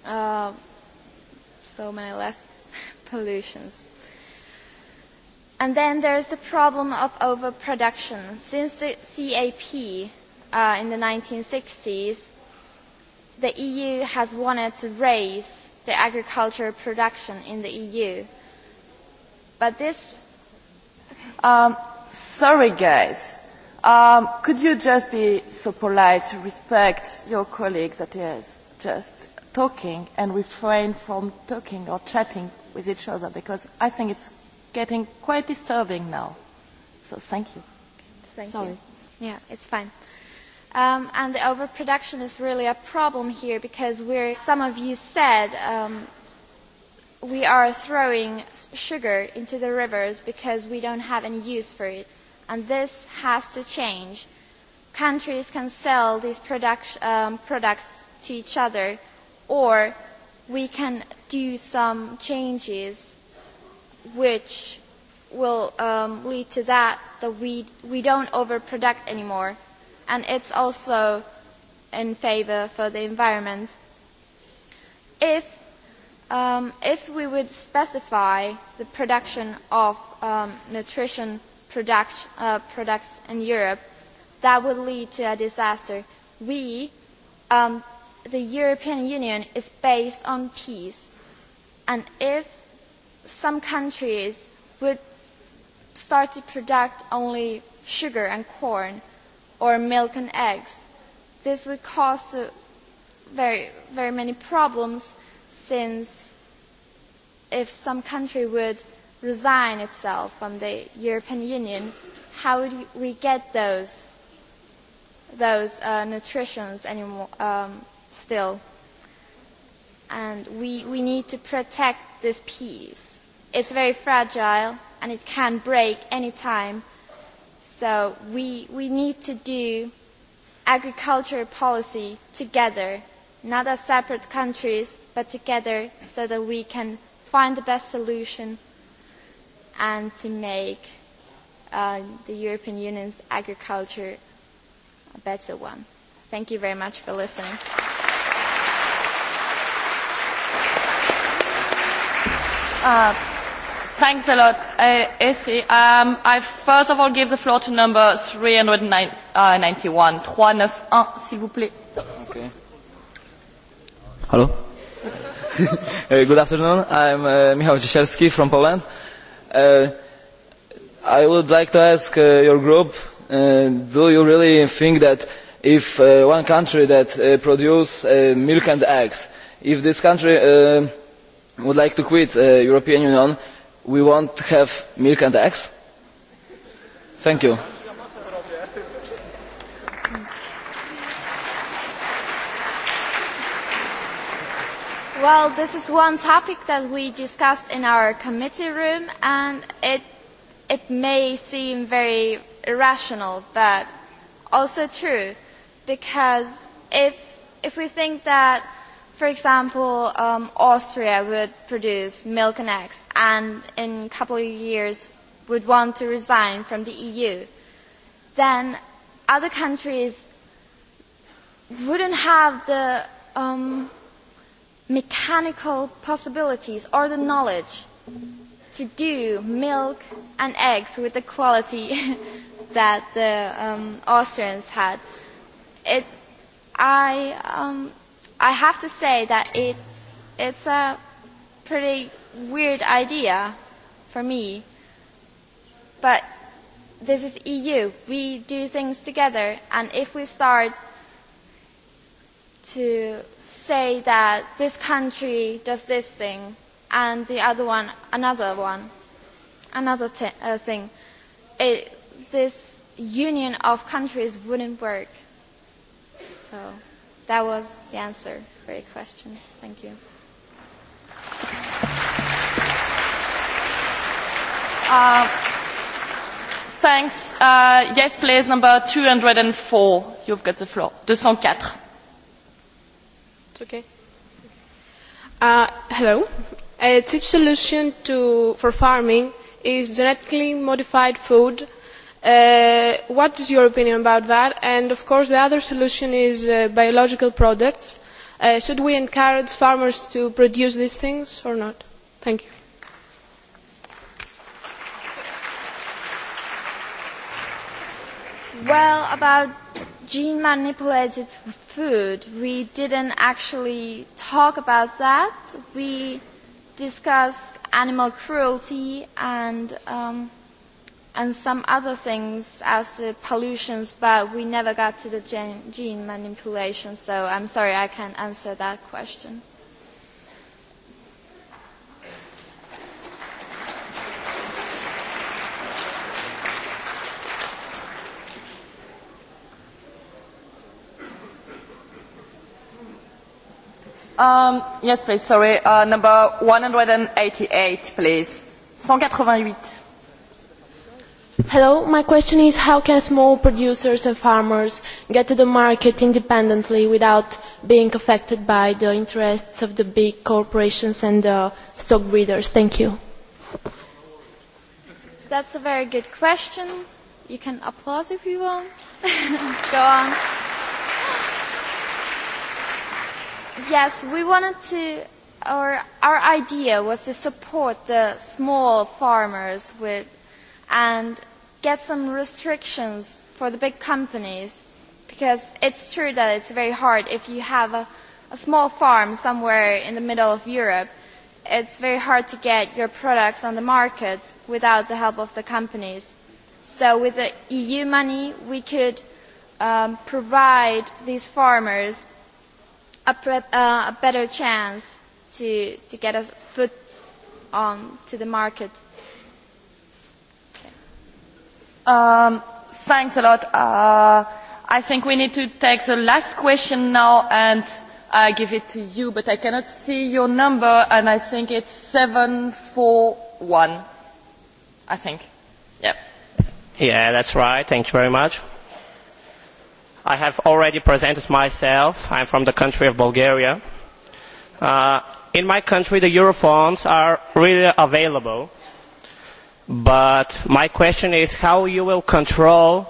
uh, so many less pollutions. And then there's the problem of overproduction. Since the CAP uh, in the 1960s, the EU has wanted to raise the agricultural production in the EU But this. Um, sorry, guys. Um, could you just be so polite, to respect your colleagues that is just talking and refrain from talking or chatting with each other because I think it's getting quite disturbing now. So thank you. Thank Sorry. you. Yeah, it's fine. Um, and the overproduction is really a problem here because we're, some of you said, um, we are throwing sugar into the rivers because we don't have any use for it. And this has to change. Countries can sell these product, um, products to each other or we can do some changes which will um, lead to that that we, we don't overproduct anymore. And it's also in favor for the environment. If if we would specify the production of nutrition product, uh, products in Europe, that would lead to a disaster. We, um, the European Union, is based on peace. And if some countries would start to product only sugar and corn or milk and eggs, this would cause very, very many problems since if some country would resign itself from the European Union, how would we get those those uh, nutritions anymore um, still? And we we need to protect this peace. It's very fragile and it can break any time. So we we need to do agriculture policy together, not as separate countries, but together so that we can find the best solution and to make uh, the European Union's agriculture a better one. Thank you very much for listening. Uh, thanks a lot, uh, Essie. Um, I first of all give the floor to number 391. 391, s'il vous plaît. Okay. Hello? Good afternoon. I'm uh, Michał Ciesielski from Poland. Uh, I would like to ask uh, your group, uh, do you really think that if uh, one country that uh, produces uh, milk and eggs, if this country uh, would like to quit the uh, European Union, we won't have milk and eggs? Thank you. Well, this is one topic that we discussed in our committee room, and it it may seem very irrational, but also true, because if if we think that, for example, um, Austria would produce milk and eggs, and in a couple of years would want to resign from the EU, then other countries wouldn't have the um, mechanical possibilities or the knowledge to do milk and eggs with the quality that the um, Austrians had. It, I, um, I have to say that it, it's a pretty weird idea for me, but this is EU. We do things together, and if we start to say that this country does this thing and the other one another one another t- uh, thing it, this union of countries wouldn't work so that was the answer for your question thank you uh, thanks uh, yes please number 204 you've got the floor 204 It's okay. Uh, hello. A cheap solution to, for farming is genetically modified food. Uh, what is your opinion about that? And of course, the other solution is uh, biological products. Uh, should we encourage farmers to produce these things or not? Thank you. Well, about gene manipulated food. We didn't actually talk about that. We discussed animal cruelty and um, and some other things as the pollutions, but we never got to the gene, gene manipulation. So I'm sorry, I can't answer that question. yes, please, sorry. please. Hello, my question is how can small producers and farmers get to the market independently without being affected by the interests of the big corporations and the stock breeders? Thank you. That's a very good question. You can applause if you want. Go on. Yes, we wanted to, or our idea was to support the small farmers with, and get some restrictions for the big companies, because it's true that it's very hard if you have a, a small farm somewhere in the middle of Europe. It's very hard to get your products on the market without the help of the companies. So with the EU money, we could um, provide these farmers a, pre- uh, a better chance to, to get a foot on to the market. Um, thanks a lot. Uh, I think we need to take the last question now and I give it to you, but I cannot see your number and I think it's 741. I think. Yeah. Yeah, that's right. Thank you very much I have already presented myself. I am from the country of Bulgaria. in my country, the Eurofunds are really available. But my question is how will you control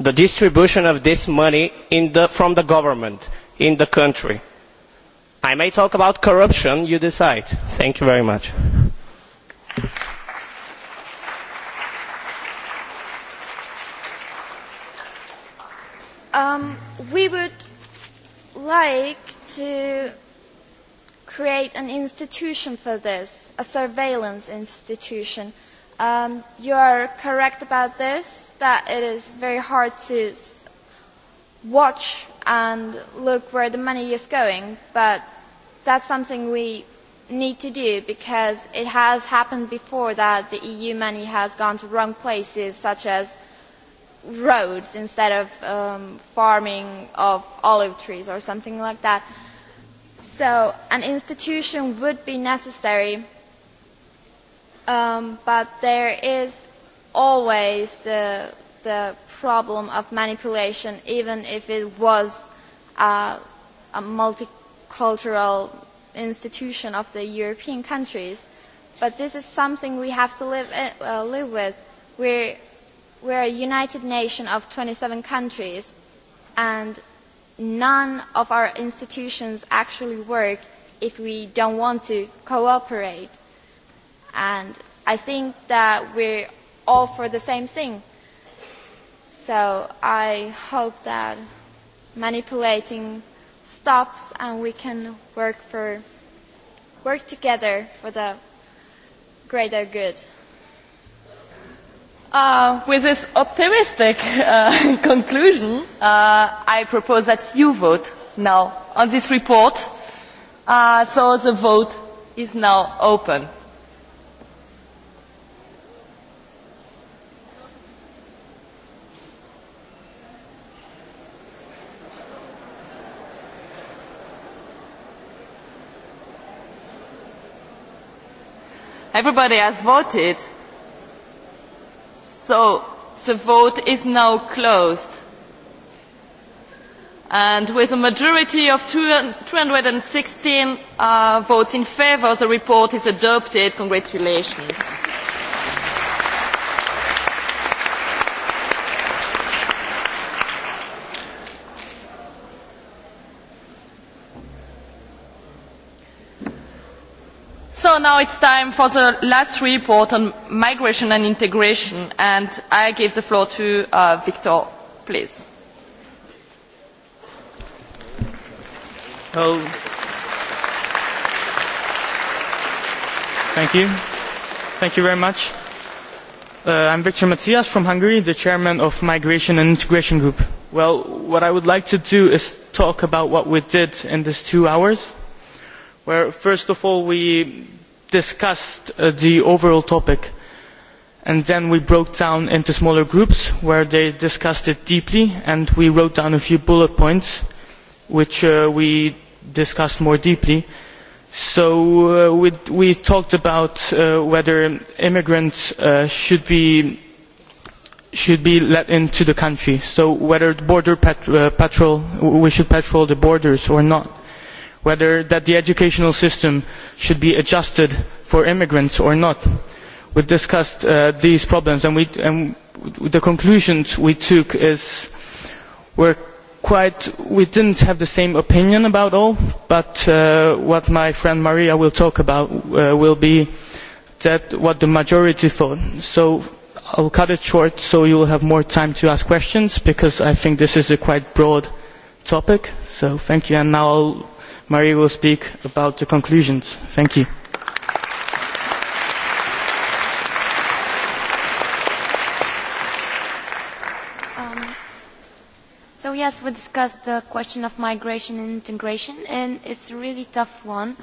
the distribution of this money from the government in the country. I may talk about corruption, you decide. Thank you very much. Um, we would like to create an institution for this, a surveillance institution. Um, you are correct about this, that it is very hard to watch and look where the money is going, but that's something we need to do because it has happened before that the EU money has gone to wrong places, such as roads instead of um, farming of olive trees or something like that. So an institution would be necessary, um, but there is always the, the problem of manipulation, even if it was uh, a multicultural institution of the European countries. But this is something we have to live, uh, live with. We're we are a united nation of twenty seven countries and none of our institutions actually work if we don't want to cooperate. And I think that we're all for the same thing. So I hope that manipulating stops and we can work for work together for the greater good. Uh, with this optimistic uh, conclusion, uh, I propose that you vote now on this report. Uh, so the vote is now open. Everybody has voted. So the vote is now closed. And with a majority of 216 uh, votes in favour, the report is adopted. Congratulations. So now it's time for the last report on migration and integration, and I give the floor to uh, Victor, please. Well, thank you. Thank you very much. Uh, I'm Victor Matias from Hungary, the chairman of Migration and Integration Group. Well, what I would like to do is talk about what we did in these two hours where first of all we discussed the overall topic and then we broke down into smaller groups where they discussed it deeply and we wrote down a few bullet points which we discussed more deeply. So we, we talked about whether immigrants should be should be let into the country. So whether border patrol, we should patrol the borders or not whether that the educational system should be adjusted for immigrants or not. We discussed uh, these problems and, we, and the conclusions we took is were quite, we didn't have the same opinion about all, but uh, what my friend Maria will talk about uh, will be that what the majority thought. So I'll cut it short so you will have more time to ask questions because I think this is a quite broad topic. So thank you and now I'll Marie will speak about the conclusions. Thank you. So yes, we discussed the question of migration and integration, and it's a really tough one.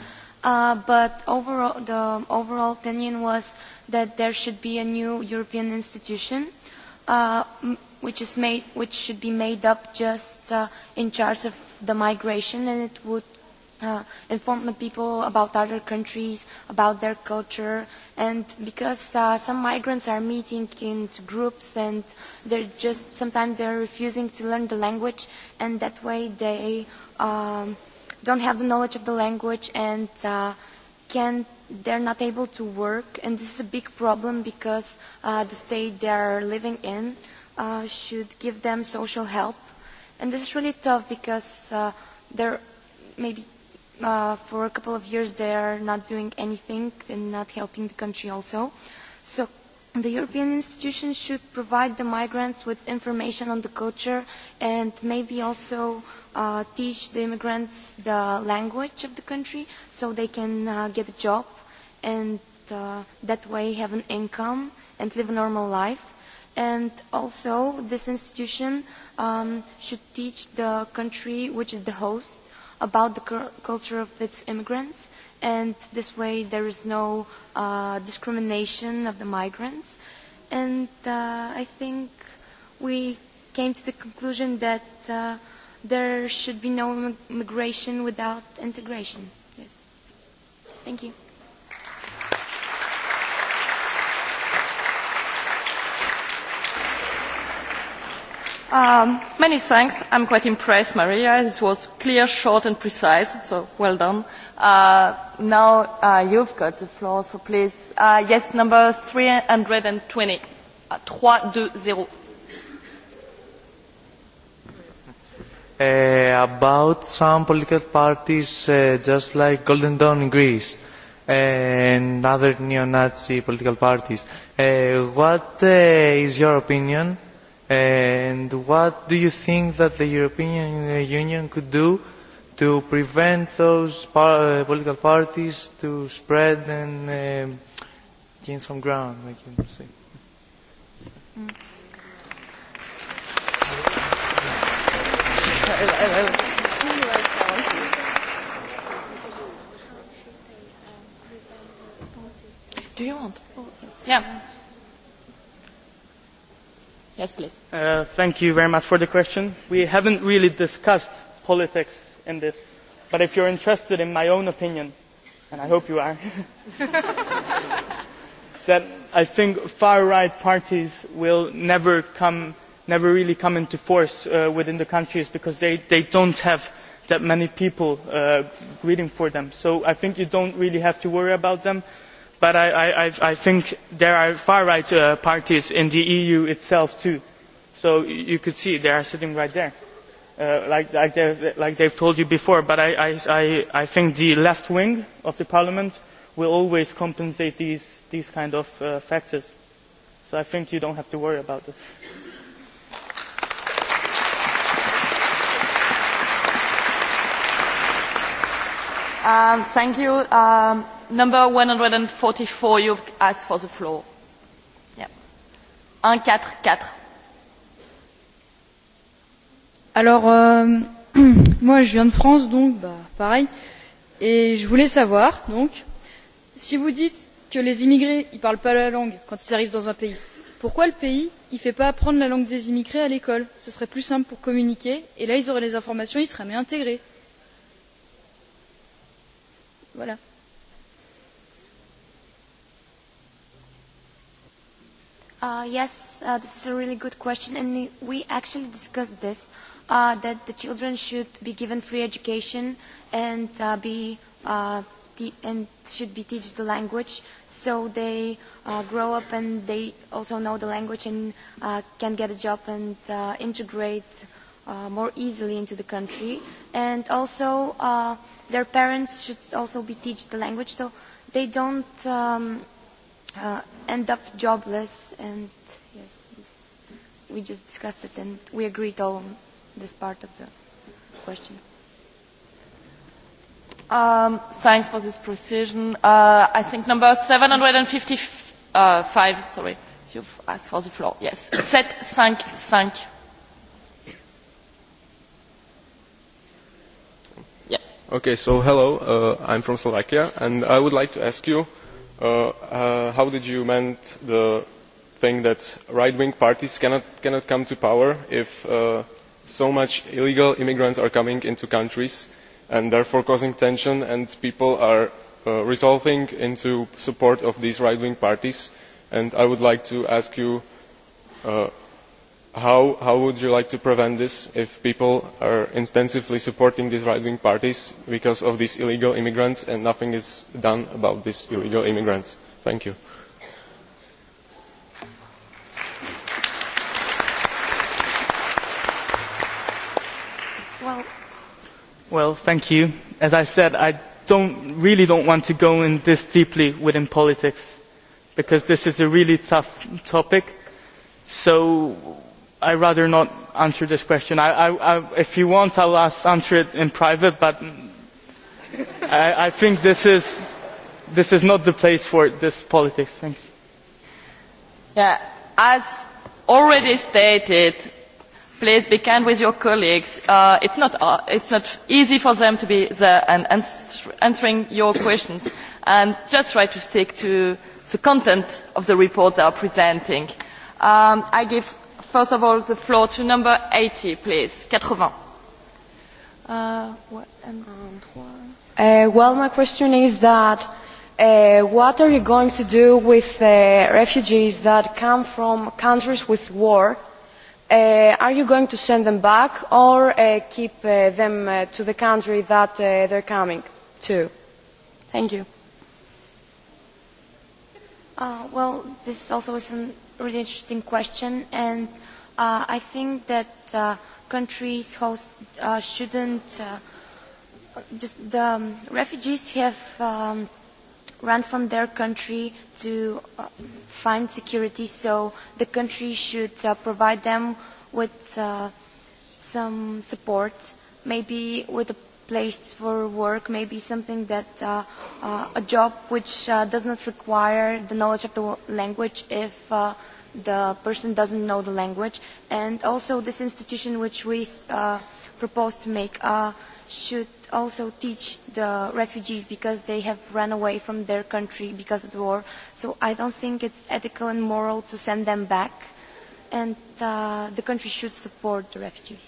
Uh, but overall, the overall opinion was that there should be a new European institution, uh, which is made, which should be made up just uh, in charge of the migration, and it would uh, inform the people about other countries, about their culture, and because uh, some migrants are meeting in groups and they're just sometimes they're refusing to learn the language, and that way they um, don't have the knowledge of the language and uh, can they're not able to work, and this is a big problem because uh, the state they are living in uh, should give them social help, and this is really tough because uh, there maybe uh, for a couple of years they are not doing anything and not helping the country also. So the European institutions should provide the migrants with information on the culture and maybe also uh, teach the immigrants the language of the country so they can uh, get a job and uh, that way have an income and live a normal life. And also this institution um, should teach the country which is the host about the culture of its immigrants, and this way there is no uh, discrimination of the migrants. And uh, I think we came to the conclusion that uh, there should be no immigration without integration. Yes. Thank you. Um, many thanks. I'm quite impressed, Maria. This was clear, short and precise, so well done. Uh, now uh, you've got the floor, so please. Uh, yes, number 320. Uh, 320. Uh, about some political parties, uh, just like Golden Dawn in Greece and other neo-Nazi political parties. Uh, what uh, is your opinion And what do you think that the European Union could do to prevent those par political parties to spread and gain some ground, like you say? Do you want? Yeah thank you very much for the question. we have not really discussed politics in this but if you are interested in my own opinion and i hope you are then i think far right parties will never really come into force within the countries because they do not have that many people greeting for them so i think you do not really have to worry about them but i think there are far right parties in the eu itself too so you could see they are sitting right there like they have told you before but i think the left wing of the parliament will always compensate these kinds of factors so i think you do not have to worry about it number you have asked for the floor. quatre quatre Alors, euh, moi, je viens de France, donc, bah, pareil. Et je voulais savoir, donc, si vous dites que les immigrés, ils parlent pas la langue quand ils arrivent dans un pays, pourquoi le pays, ne fait pas apprendre la langue des immigrés à l'école Ce serait plus simple pour communiquer, et là, ils auraient les informations, ils seraient mieux intégrés. Voilà. Uh, yes, uh, this is a really good question, and we actually discussed this, uh, that the children should be given free education and uh, be uh, and should be teach the language so they uh, grow up and they also know the language and uh, can get a job and uh, integrate uh, more easily into the country. And also uh, their parents should also be teach the language so they don't um, uh, end up jobless and yes this, we just discussed it and we agreed all on this part of the question um, thanks for this precision uh, I think number 755 uh, five, sorry you've asked for the floor yes set 755 yeah okay so hello uh, I'm from Slovakia and I would like to ask you how did you amend the thing that right wing parties cannot come to power if so many illegal immigrants are coming into countries and therefore causing tension and people are resolving into support of these right wing parties and i would like to ask you how would you like to prevent this if people are intensively supporting these right wing parties because of these illegal immigrants and nothing is done about these illegal immigrants? thank you. well thank you. as i said i don't, really don't want to go in this deeply within politics because this is a really tough topic so I rather not answer this question. I, I, I, if you want, I'll ask, answer it in private, but I, I think this is, this is not the place for this politics. Thanks. Yeah, as already stated, please be kind with your colleagues. Uh, it's, not, uh, it's not easy for them to be there and answering your questions. And just try to stick to the content of the report they are presenting. Um, I give first of all the floor to number 80, please. 80. Uh, well, my question is that uh, what are you going to do with uh, refugees that come from countries with war? Uh, are you going to send them back or uh, keep uh, them uh, to the country that uh, they're coming to? Thank you. Uh, well, this also is an really interesting question, and uh, I think that uh, countries host uh, shouldn't. Uh, just the refugees have um, run from their country to uh, find security, so the country should uh, provide them with uh, some support, maybe with a placed for work may be something that uh, uh, a job which uh, does not require the knowledge of the language if uh, the person doesn't know the language. And also this institution which we uh, propose to make uh, should also teach the refugees because they have run away from their country because of the war. So I don't think it's ethical and moral to send them back. And uh, the country should support the refugees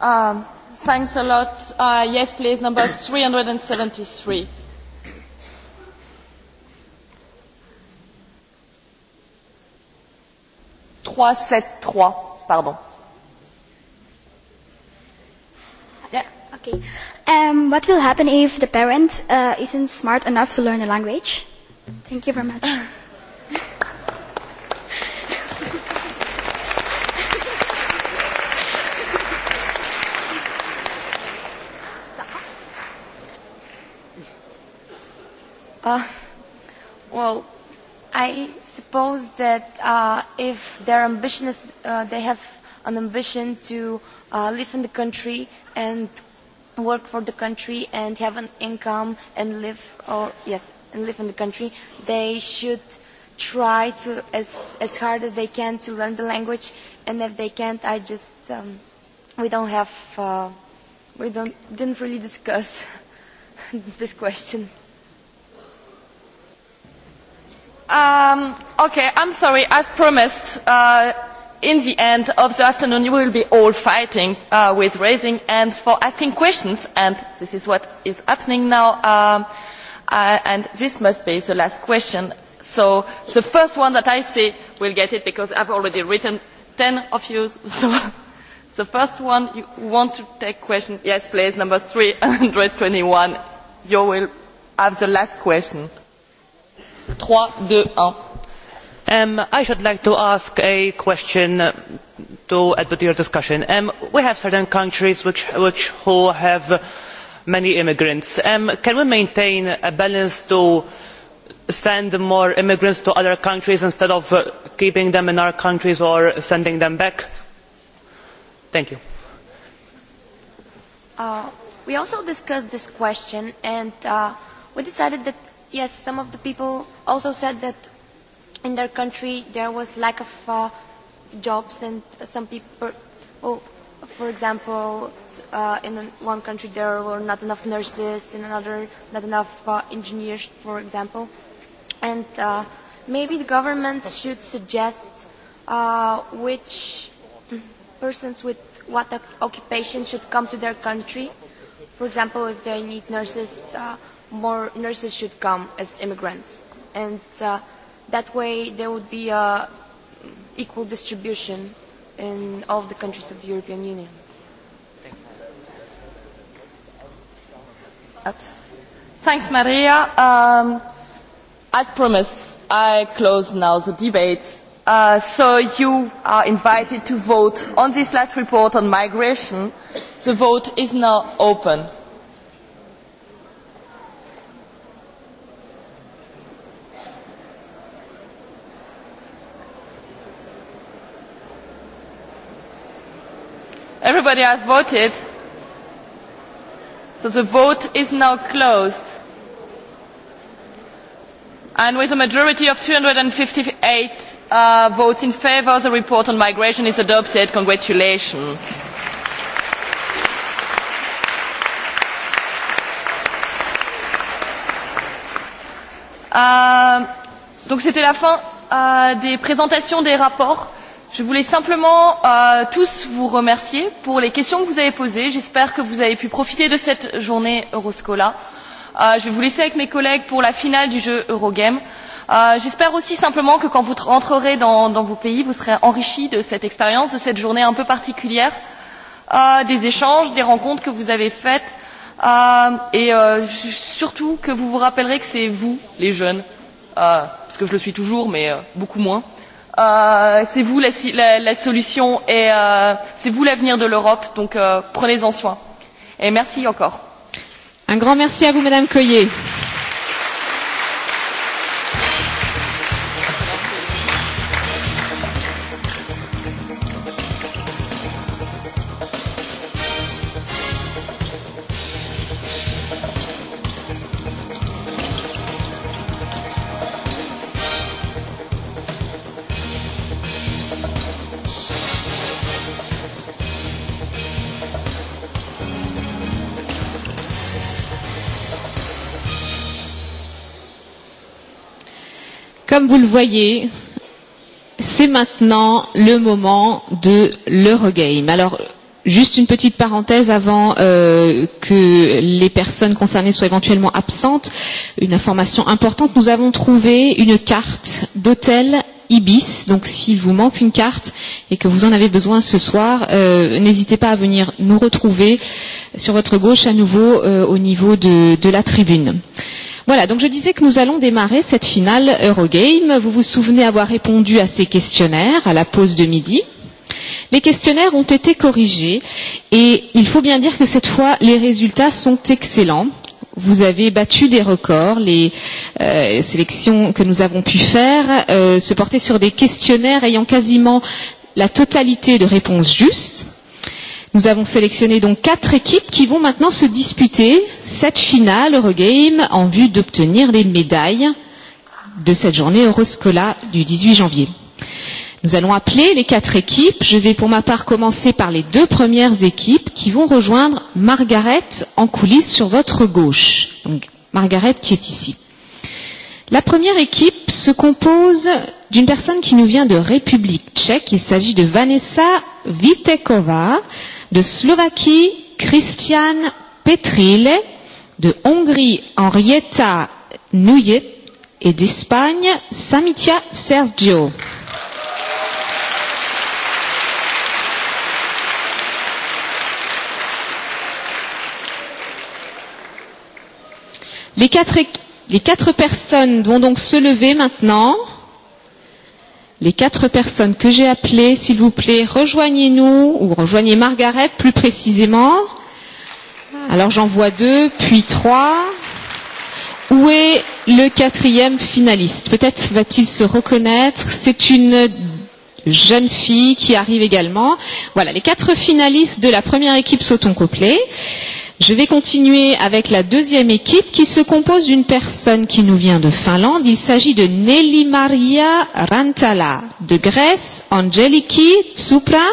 thanks a lot. Uh, yes, please, number 373. trois sept trois pardon. Yeah. Okay. Um, what will happen if the parent uh, isn't smart enough to learn a language? Thank you very much. Uh, well, I suppose that uh, if their ambition is, uh, they have an ambition to uh, live in the country and work for the country and have an income and live, or yes, and live in the country, they should try to as as hard as they can to learn the language. And if they can't, I just um, we don't have uh, we don't didn't really discuss this question. Um, okay, I'm sorry. As promised, uh, in the end of the afternoon, you will be all fighting uh, with raising hands for asking questions, and this is what is happening now. Um, uh, and this must be the last question. So the first one that I see will get it because I've already written ten of you. So the first one, you want to take question? Yes, please. Number 321. You will have the last question i should like to ask a question to add to your discussion. we have certain countries which have many immigrants. can we maintain a balance to send more immigrants to other countries instead of keeping them in our countries or sending them back? thank you. we also discussed this question and we decided that yes, some of the people also said that in their country there was lack of uh, jobs and some people, well, for example, uh, in one country there were not enough nurses, in another not enough uh, engineers, for example. And uh, maybe the government should suggest uh, which persons with what occupation should come to their country. For example, if they need nurses, uh, more nurses should come as immigrants. And uh, that way there would be an equal distribution in all the countries of the European Union. Oops. Thanks, Maria. Um, as promised, I close now the debates. Uh, so you are invited to vote on this last report on migration. The vote is now open. Everybody has voted. So the vote is now closed. And with a majority of 258 uh, votes in favour, the report on migration is adopted. Congratulations. Euh, donc c'était la fin euh, des présentations des rapports. Je voulais simplement euh, tous vous remercier pour les questions que vous avez posées. J'espère que vous avez pu profiter de cette journée Euroscola. Euh, je vais vous laisser avec mes collègues pour la finale du jeu Eurogame. Euh, J'espère aussi simplement que quand vous rentrerez dans, dans vos pays, vous serez enrichis de cette expérience, de cette journée un peu particulière, euh, des échanges, des rencontres que vous avez faites, euh, et euh, surtout que vous vous rappellerez que c'est vous, les jeunes, euh, parce que je le suis toujours, mais euh, beaucoup moins, c'est vous la, solution et c'est vous l'avenir de l'Europe, donc prenez-en soin. Et merci encore. Un grand merci à vous, Madame Coyer. Comme vous le voyez, c'est maintenant le moment de l'Eurogame. Alors, Juste une petite parenthèse avant euh, que les personnes concernées soient éventuellement absentes. Une information importante, nous avons trouvé une carte d'hôtel Ibis. Donc s'il vous manque une carte et que vous en avez besoin ce soir, euh, n'hésitez pas à venir nous retrouver sur votre gauche à nouveau euh, au niveau de, de la tribune. Euh, Voilà, donc je disais que nous allons démarrer cette finale Eurogame. Vous vous souvenez avoir répondu à ces questionnaires à la pause de midi. Les questionnaires ont été corrigés et il faut bien dire que cette fois, les résultats sont excellents. Vous avez battu des records. Les euh, sélections que nous avons pu faire euh, se portaient sur des questionnaires ayant quasiment la totalité de réponses justes Nous avons sélectionné donc quatre équipes qui vont maintenant se disputer cette finale Eurogame en vue d'obtenir les médailles de cette journée Euroscola du 18 janvier. Nous allons appeler les quatre équipes. Je vais pour ma part commencer par les deux premières équipes qui vont rejoindre Margaret en coulisses sur votre gauche. Donc, Margaret qui est ici. La première équipe se compose d'une personne qui nous vient de République tchèque. Il s'agit de Vanessa Vitekova de Slovaquie, Christian Petrile, de Hongrie, Henrietta Nuyet, et d'Espagne, Samitia Sergio. Les quatre, les quatre personnes vont donc se lever maintenant les quatre personnes que j'ai appelées, s'il vous plaît, rejoignez-nous ou rejoignez Margaret plus précisément. Alors j'en vois deux, puis trois. Où est le quatrième finaliste Peut-être va-t-il se reconnaître. C'est une jeune fille qui arrive également. Voilà, les quatre finalistes de la première équipe sont complets. complet. Je vais continuer avec la deuxième équipe qui se compose d'une personne qui nous vient de Finlande. Il s'agit de Nelly Maria Rantala, de Grèce, Angeliki Tsupra,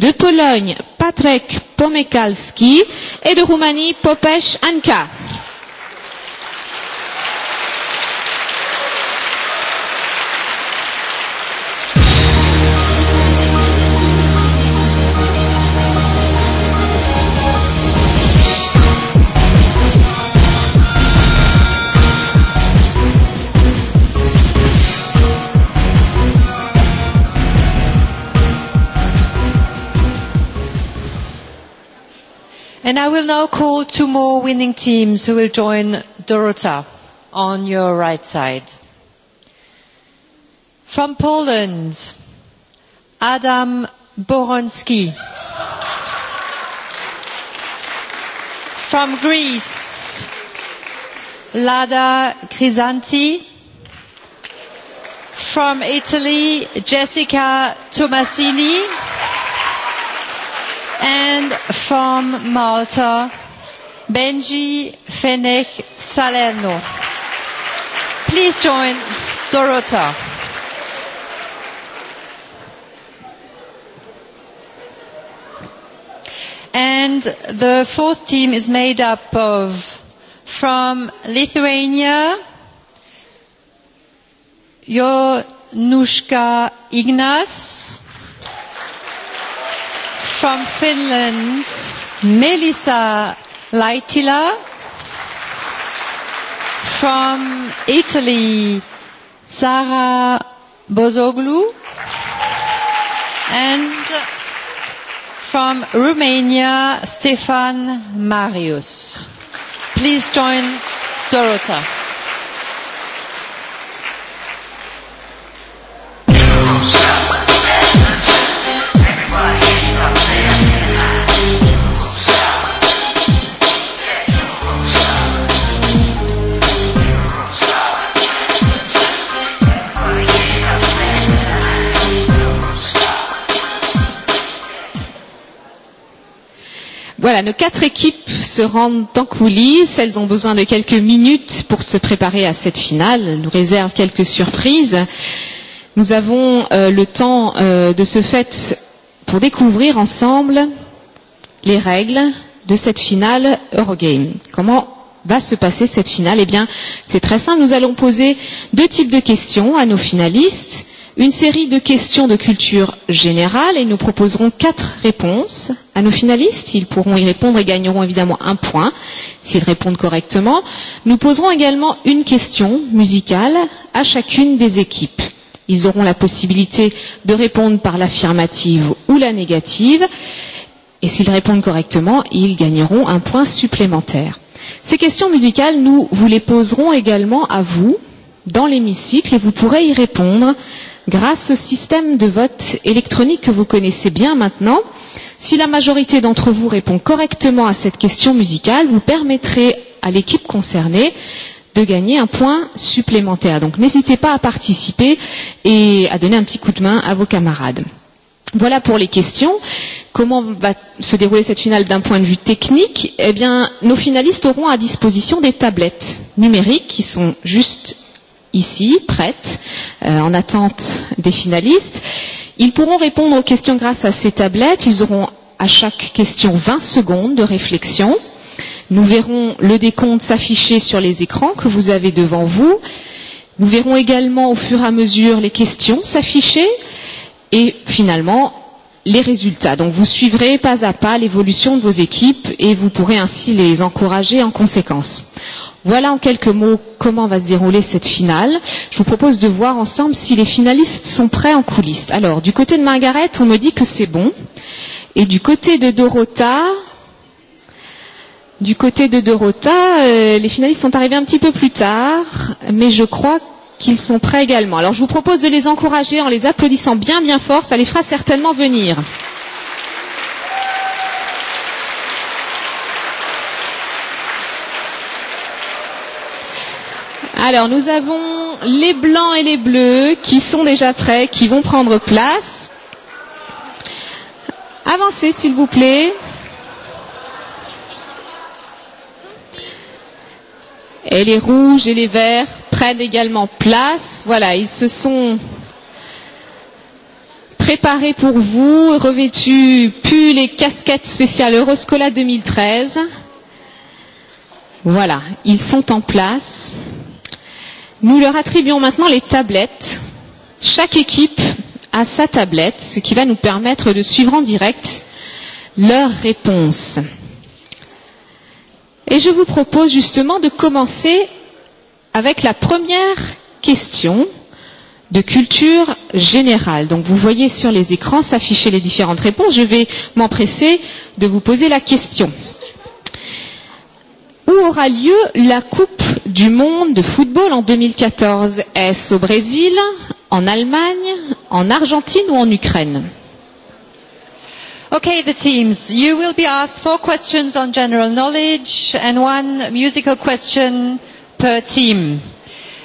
de Pologne, Patrek Pomekalski et de Roumanie, Popes Anka. And I will now call two more winning teams who will join Dorota on your right side. From Poland, Adam Boronski. From Greece, Lada Crisanti. From Italy, Jessica Tomasini and from Malta, Benji Fenech Salerno. Please join Dorota. And the fourth team is made up of from Lithuania, Jonushka Ignas, from Finland, Melissa Laitila. From Italy, Sara Bozoglu. And from Romania, Stefan Marius. Please join Dorota. Voilà, nos quatre équipes se rendent en coulisses. Elles ont besoin de quelques minutes pour se préparer à cette finale. Elles nous réservent quelques surprises. Nous avons euh, le temps euh, de ce fait pour découvrir ensemble les règles de cette finale Eurogame. Comment va se passer cette finale Eh bien, c'est très simple. Nous allons poser deux types de questions à nos finalistes. Une série de questions de culture générale et nous proposerons quatre réponses à nos finalistes. Ils pourront y répondre et gagneront évidemment un point s'ils répondent correctement. Nous poserons également une question musicale à chacune des équipes. Ils auront la possibilité de répondre par l'affirmative ou la négative. Et s'ils répondent correctement, ils gagneront un point supplémentaire. Ces questions musicales, nous vous les poserons également à vous dans l'hémicycle et vous pourrez y répondre grâce au système de vote électronique que vous connaissez bien maintenant, si la majorité d'entre vous répond correctement à cette question musicale, vous permettrez à l'équipe concernée de gagner un point supplémentaire. Donc n'hésitez pas à participer et à donner un petit coup de main à vos camarades. Voilà pour les questions. Comment va se dérouler cette finale d'un point de vue technique Eh bien, nos finalistes auront à disposition des tablettes numériques qui sont juste ici, prêtes, euh, en attente des finalistes. Ils pourront répondre aux questions grâce à ces tablettes. Ils auront à chaque question 20 secondes de réflexion. Nous verrons le décompte s'afficher sur les écrans que vous avez devant vous. Nous verrons également au fur et à mesure les questions s'afficher. Et finalement, les résultats. Donc vous suivrez pas à pas l'évolution de vos équipes et vous pourrez ainsi les encourager en conséquence. Voilà en quelques mots comment va se dérouler cette finale. Je vous propose de voir ensemble si les finalistes sont prêts en coulisses. Alors, du côté de Margaret, on me dit que c'est bon. Et du côté de Dorota, du côté de Dorota, euh, les finalistes sont arrivés un petit peu plus tard, mais je crois qu'ils sont prêts également. Alors je vous propose de les encourager en les applaudissant bien bien fort, ça les fera certainement venir. Alors nous avons les blancs et les bleus qui sont déjà prêts, qui vont prendre place. Avancez s'il vous plaît. Et les rouges et les verts prennent également place. Voilà, ils se sont préparés pour vous, revêtus pull et casquettes spéciales Euroscola 2013. Voilà, ils sont en place. Nous leur attribuons maintenant les tablettes. Chaque équipe a sa tablette, ce qui va nous permettre de suivre en direct leurs réponses. Et je vous propose justement de commencer avec la première question de culture générale. Donc vous voyez sur les écrans s'afficher les différentes réponses. Je vais m'empresser de vous poser la question. Où aura lieu la Coupe du monde de football en 2014 Est-ce au Brésil, en Allemagne, en Argentine ou en Ukraine Okay, the teams. You will be asked four questions on general knowledge and one musical question per team.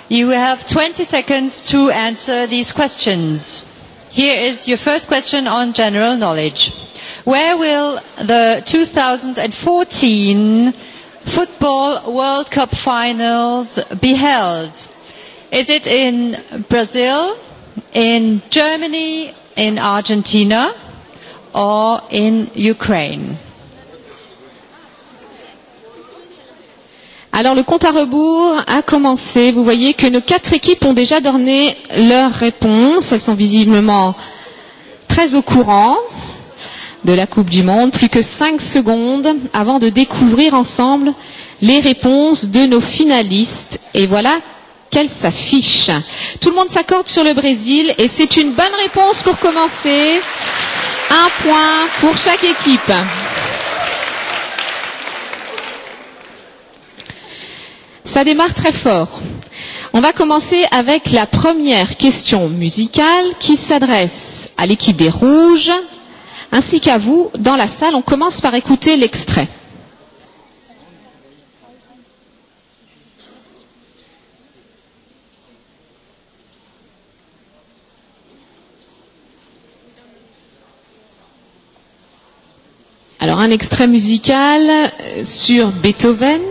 You have 20 seconds to answer these questions. Here is your first question on general knowledge. Where will the 2014 Football World Cup finals be held? Is it in Brazil, in Germany, in Argentina, or in Ukraine? Alors le compte à rebours a commencé. Vous voyez que nos quatre équipes ont déjà donné leurs réponses. Elles sont visiblement très au courant de la Coupe du Monde. Plus que cinq secondes avant de découvrir ensemble les réponses de nos finalistes. Et voilà qu'elles s'affichent. Tout le monde s'accorde sur le Brésil et c'est une bonne réponse pour commencer. Un point pour chaque équipe. Ça démarre très fort. On va commencer avec la première question musicale qui s'adresse à l'équipe des Rouges ainsi qu'à vous dans la salle. On commence par écouter l'extrait. Alors un extrait musical sur Beethoven.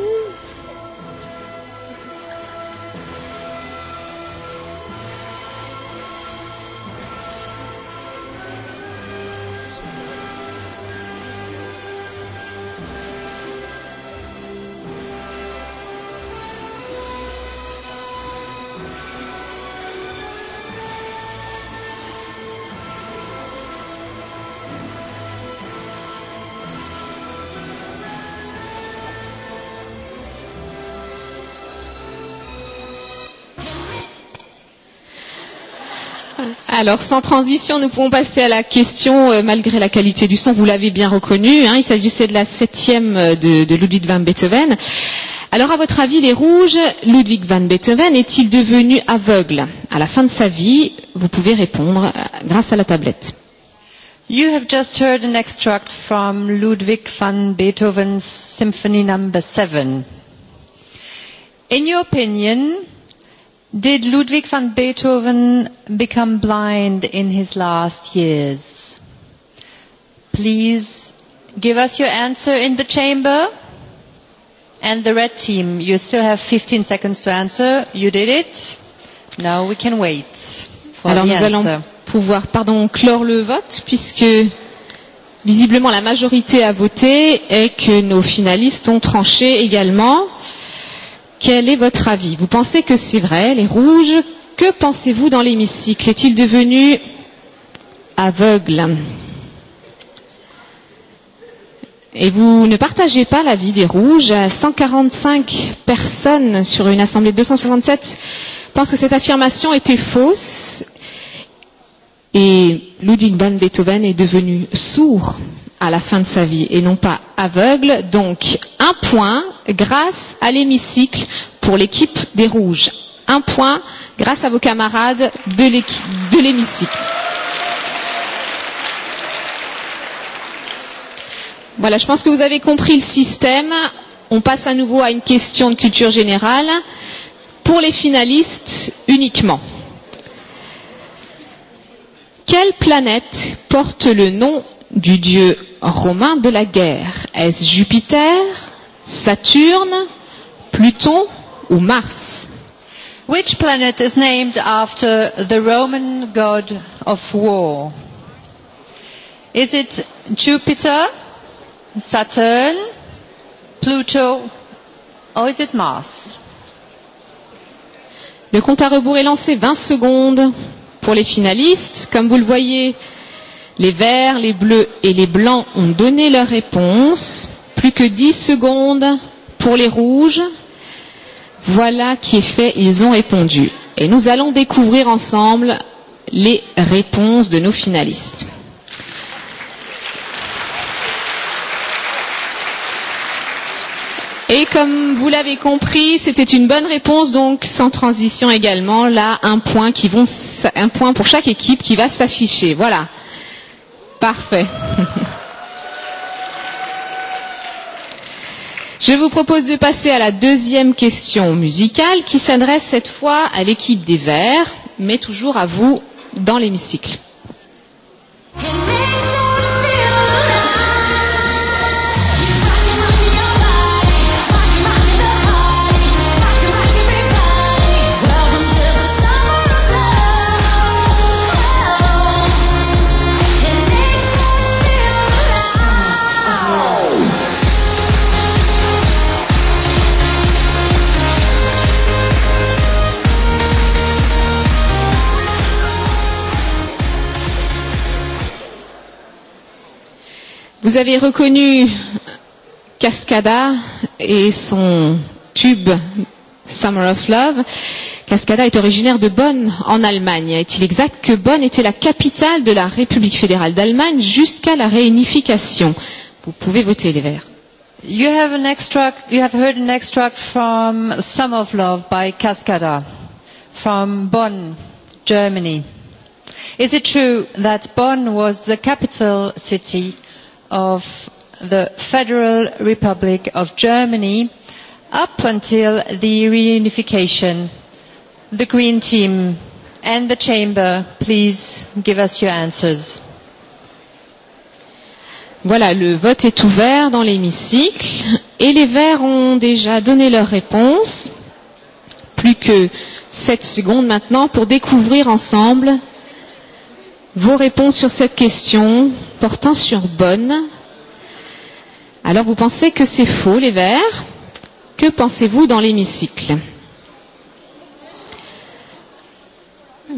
Alors, sans transition, nous pouvons passer à la question, euh, malgré la qualité du son, vous l'avez bien reconnu, hein, il s'agissait de la septième de, de Ludwig van Beethoven. Alors, à votre avis, les rouges, Ludwig van Beethoven est-il devenu aveugle à la fin de sa vie Vous pouvez répondre euh, grâce à la tablette. You have just heard an extract from Ludwig van Beethoven's Symphony Number no. 7. In your opinion, Did Ludwig van Beethoven become blind in his last years? Please give us your answer in the chamber. And the red team, you still have 15 seconds to answer. You did it. Now we can wait for Alors the nous answer. allons pouvoir pardon, clore le vote puisque visiblement la majorité a voté et que nos finalistes ont tranché également. Euh, Quel est votre avis Vous pensez que c'est vrai, les rouges Que pensez-vous dans l'hémicycle Est-il devenu aveugle Et vous ne partagez pas l'avis des rouges. 145 personnes sur une assemblée de 267 pensent que cette affirmation était fausse. Et Ludwig van Beethoven est devenu sourd à la fin de sa vie et non pas aveugle. Donc un point grâce à l'hémicycle pour l'équipe des Rouges. Un point grâce à vos camarades de l'hémicycle. Voilà, je pense que vous avez compris le système. On passe à nouveau à une question de culture générale. Pour les finalistes uniquement. Quelle planète porte le nom du dieu romain de la guerre Est-ce Jupiter, Saturne, Pluton ou Mars Which planet is named after the Roman god of war? Is it Jupiter, Saturn, Pluto or is it Mars? Le compte à rebours est lancé 20 secondes pour les finalistes. Comme vous le voyez, euh, Les verts, les bleus et les blancs ont donné leur réponse. Plus que 10 secondes pour les rouges. Voilà qui est fait, ils ont répondu. Et nous allons découvrir ensemble les réponses de nos finalistes. Et comme vous l'avez compris, c'était une bonne réponse, donc sans transition également. Là, un point, qui vont, un point pour chaque équipe qui va s'afficher. Voilà. Parfait. Je vous propose de passer à la deuxième question musicale qui s'adresse cette fois à l'équipe des Verts, mais toujours à vous dans l'hémicycle. Hey Vous avez reconnu Cascada et son tube Summer of Love. Cascada est originaire de Bonn, en Allemagne. Est-il exact que Bonn était la capitale de la République fédérale d'Allemagne jusqu'à la réunification Vous pouvez voter les verts. You have, an extract, you have heard an extract from Summer of Love by Cascada from Bonn, Germany. Is it true that Bonn was the capital city of the Federal Republic of Germany up until the reunification. The Green Team and the Chamber, please give us your answers. Voilà, le vote est ouvert dans l'hémicycle et les Verts ont déjà donné leur réponse. Plus que 7 secondes maintenant pour découvrir ensemble vos réponses sur cette question portant sur bonne. Alors vous pensez que c'est faux les verts Que pensez-vous dans l'hémicycle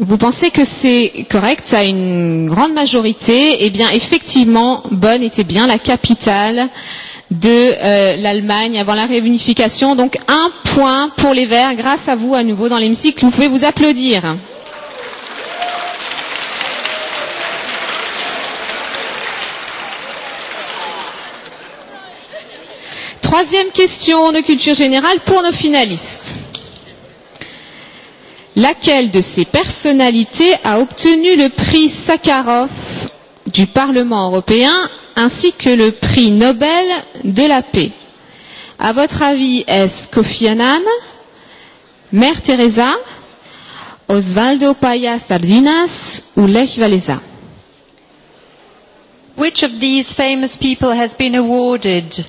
Vous pensez que c'est correct à une grande majorité Eh bien effectivement, Bonn était bien la capitale de euh, l'Allemagne avant la réunification. Donc un point pour les Verts grâce à vous à nouveau dans l'hémicycle. Vous pouvez vous applaudir. troisième question de culture générale pour nos finalistes. Laquelle de ces personnalités a obtenu le prix Sakharov du Parlement européen ainsi que le prix Nobel de la paix À votre avis, est-ce Kofi Annan, Mère Teresa, Osvaldo Paya Sardinas ou Lech Walesa? Which of these famous people has been awarded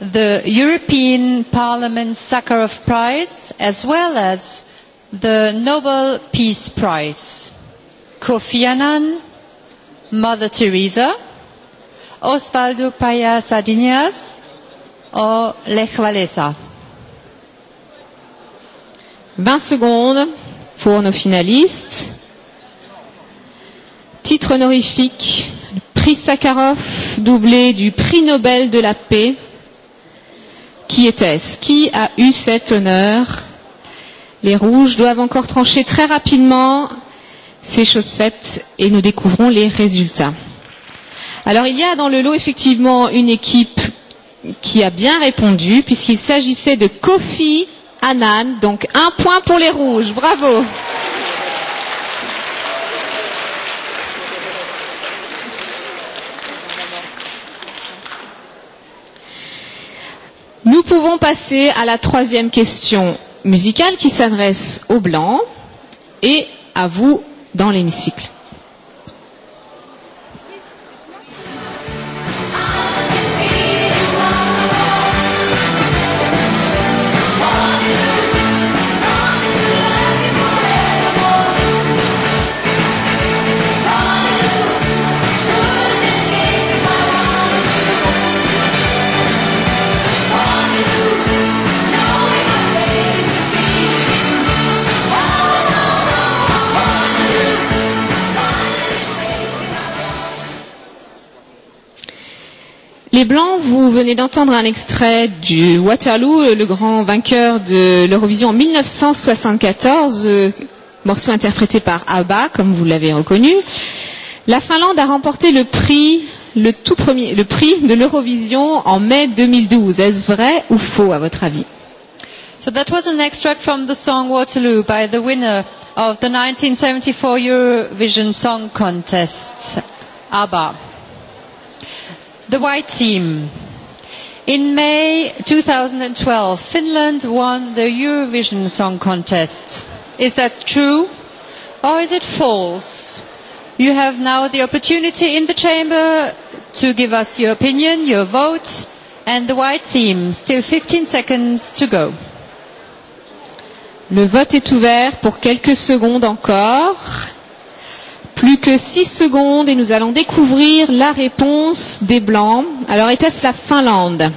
the European Parliament Sakharov Prize as well as the Nobel Peace Prize. Kofi Annan, Mother Teresa, Osvaldo Paya Sardinias or Lech Walesa. 20 secondes pour nos finalistes. Titre honorifique, prix Sakharov, doublé du prix Nobel de la paix Qui était-ce Qui a eu cet honneur Les rouges doivent encore trancher très rapidement. ces choses faites et nous découvrons les résultats. Alors il y a dans le lot effectivement une équipe qui a bien répondu puisqu'il s'agissait de Kofi Annan. Donc un point pour les rouges. Bravo. Applaudissements Nous pouvons passer à la troisième question musicale qui s'adresse aux Blancs et à vous dans l'hémicycle. Les Blancs, vous venez d'entendre un extrait du Waterloo, le grand vainqueur de l'Eurovision en 1974, morceau interprété par ABBA, comme vous l'avez reconnu. La Finlande a remporté le prix, le tout premier, le prix de l'Eurovision en mai 2012. Est-ce vrai ou faux à votre avis? So that was an extract from the song Waterloo by the winner of the 1974 Eurovision Song Contest, ABBA. The White Team. In May 2012, Finland won the Eurovision Song Contest. Is that true or is it false? You have now the opportunity in the chamber to give us your opinion, your vote, and the white team. Still 15 seconds to go. Le vote est ouvert pour quelques secondes encore. Plus que 6 secondes et nous allons découvrir la réponse des Blancs. Alors était-ce la Finlande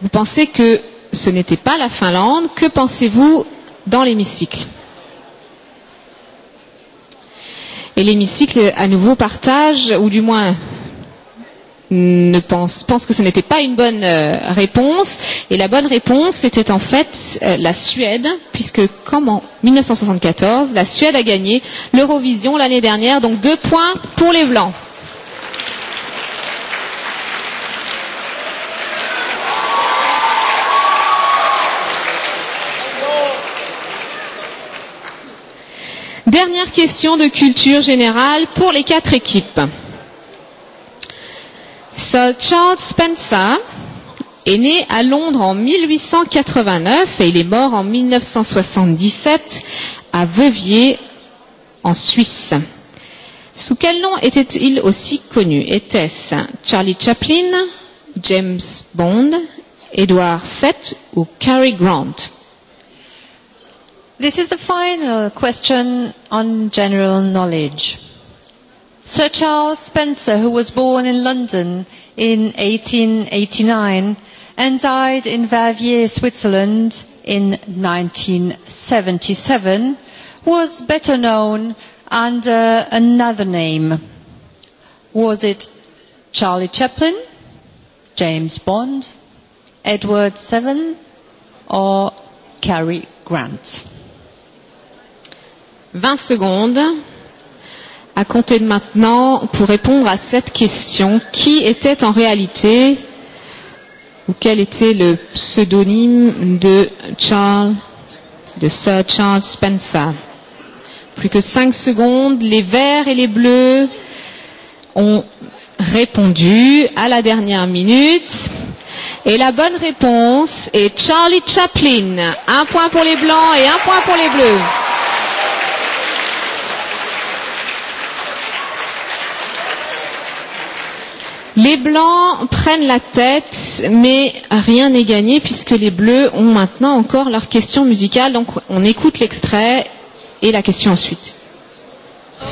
Vous pensez que ce n'était pas la Finlande. Que pensez-vous dans l'hémicycle Et l'hémicycle à nouveau partage, ou du moins ne pense, pense que ce n'était pas une bonne euh, réponse. Et la bonne réponse, c'était en fait euh, la Suède, puisque comme en 1974, la Suède a gagné l'Eurovision l'année dernière, donc deux points pour les Blancs. Dernière question de culture générale pour les quatre équipes. Sir Charles Spencer est né à Londres en 1889 et il est mort en 1977 à Veuviers en Suisse. Sous quel nom était-il aussi connu Était-ce Charlie Chaplin, James Bond, Edward VII ou Cary Grant This is the final question on general knowledge. Sir Charles Spencer, who was born in London in 1889 and died in Vavier, Switzerland in 1977, was better known under another name. Was it Charlie Chaplin, James Bond, Edward Seven, or Cary Grant? 20 secondes à compter de maintenant pour répondre à cette question. Qui était en réalité ou quel était le pseudonyme de Charles, de Sir Charles Spencer? Plus que cinq secondes, les verts et les bleus ont répondu à la dernière minute. Et la bonne réponse est Charlie Chaplin. Un point pour les blancs et un point pour les bleus. Les blancs prennent la tête, mais rien n'est gagné puisque les bleus ont maintenant encore leur question musicale. Donc on écoute l'extrait et la question ensuite. Oh,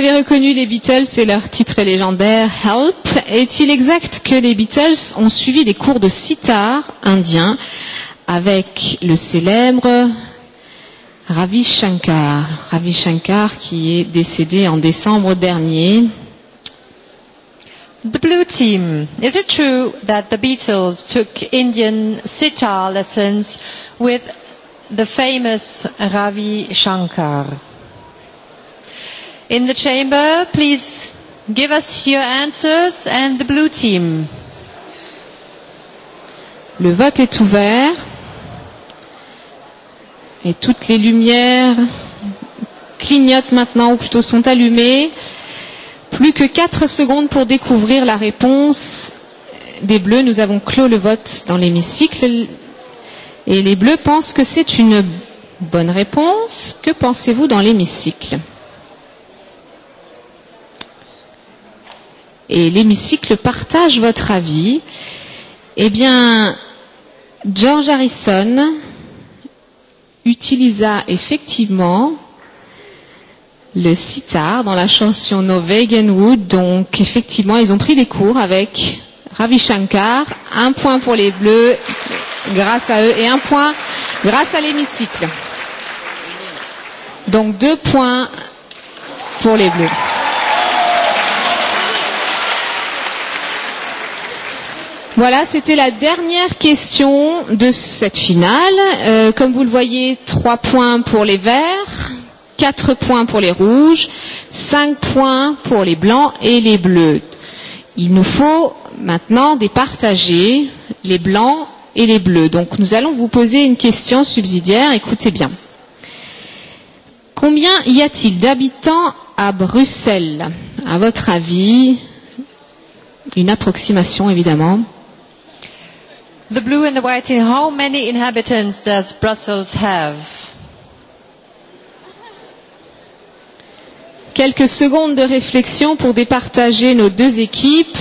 avez reconnu les Beatles et leur titre légendaire Help, est-il exact que les Beatles ont suivi des cours de sitar indien avec le célèbre Ravi Shankar, Ravi Shankar qui est décédé en décembre dernier. The Blue Team, is it true that the Beatles took Indian sitar lessons with the famous Ravi Shankar? in the chamber. Please give us your answers and the blue team. Le vote est ouvert et toutes les lumières clignotent maintenant ou plutôt sont allumées. Plus que 4 secondes pour découvrir la réponse des bleus. Nous avons clos le vote dans l'hémicycle et les bleus pensent que c'est une bonne réponse. Que pensez-vous dans l'hémicycle? et l'hémicycle partage votre avis. Eh bien, George Harrison utilisa effectivement le sitar dans la chanson No Vegan Wood. Donc, effectivement, ils ont pris des cours avec Ravi Shankar. Un point pour les Bleus grâce à eux et un point grâce à l'hémicycle. Donc, deux points pour les Bleus. Voilà, c'était la dernière question de cette finale. Euh, comme vous le voyez, trois points pour les verts, quatre points pour les rouges, cinq points pour les blancs et les bleus. Il nous faut maintenant départager les blancs et les bleus. Donc nous allons vous poser une question subsidiaire, écoutez bien. Combien y a-t-il d'habitants à Bruxelles À votre avis, une approximation évidemment the blue and the white team, how many inhabitants does Brussels have? Quelques secondes de réflexion pour départager nos deux équipes.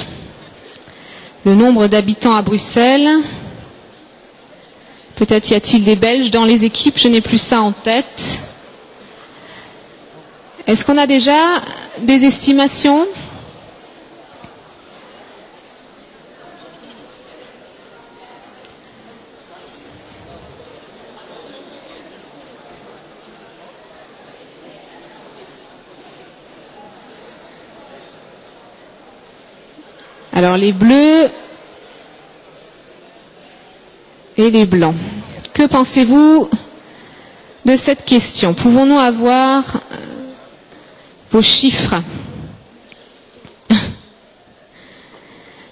Le nombre d'habitants à Bruxelles. Peut-être y a-t-il des Belges dans les équipes, je n'ai plus ça en tête. Est-ce qu'on a déjà des estimations Alors les bleus et les blancs. Que pensez-vous de cette question Pouvons-nous avoir vos chiffres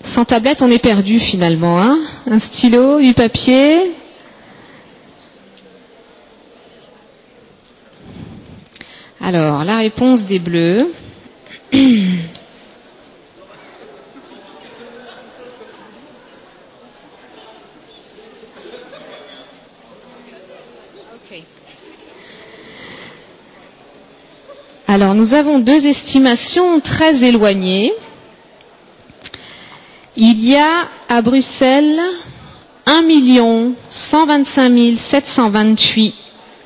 Sans tablette, on est perdu finalement. Hein Un stylo, du papier. Alors, la réponse des bleus. Alors, nous avons deux estimations très éloignées. Il y a à Bruxelles 1 125 728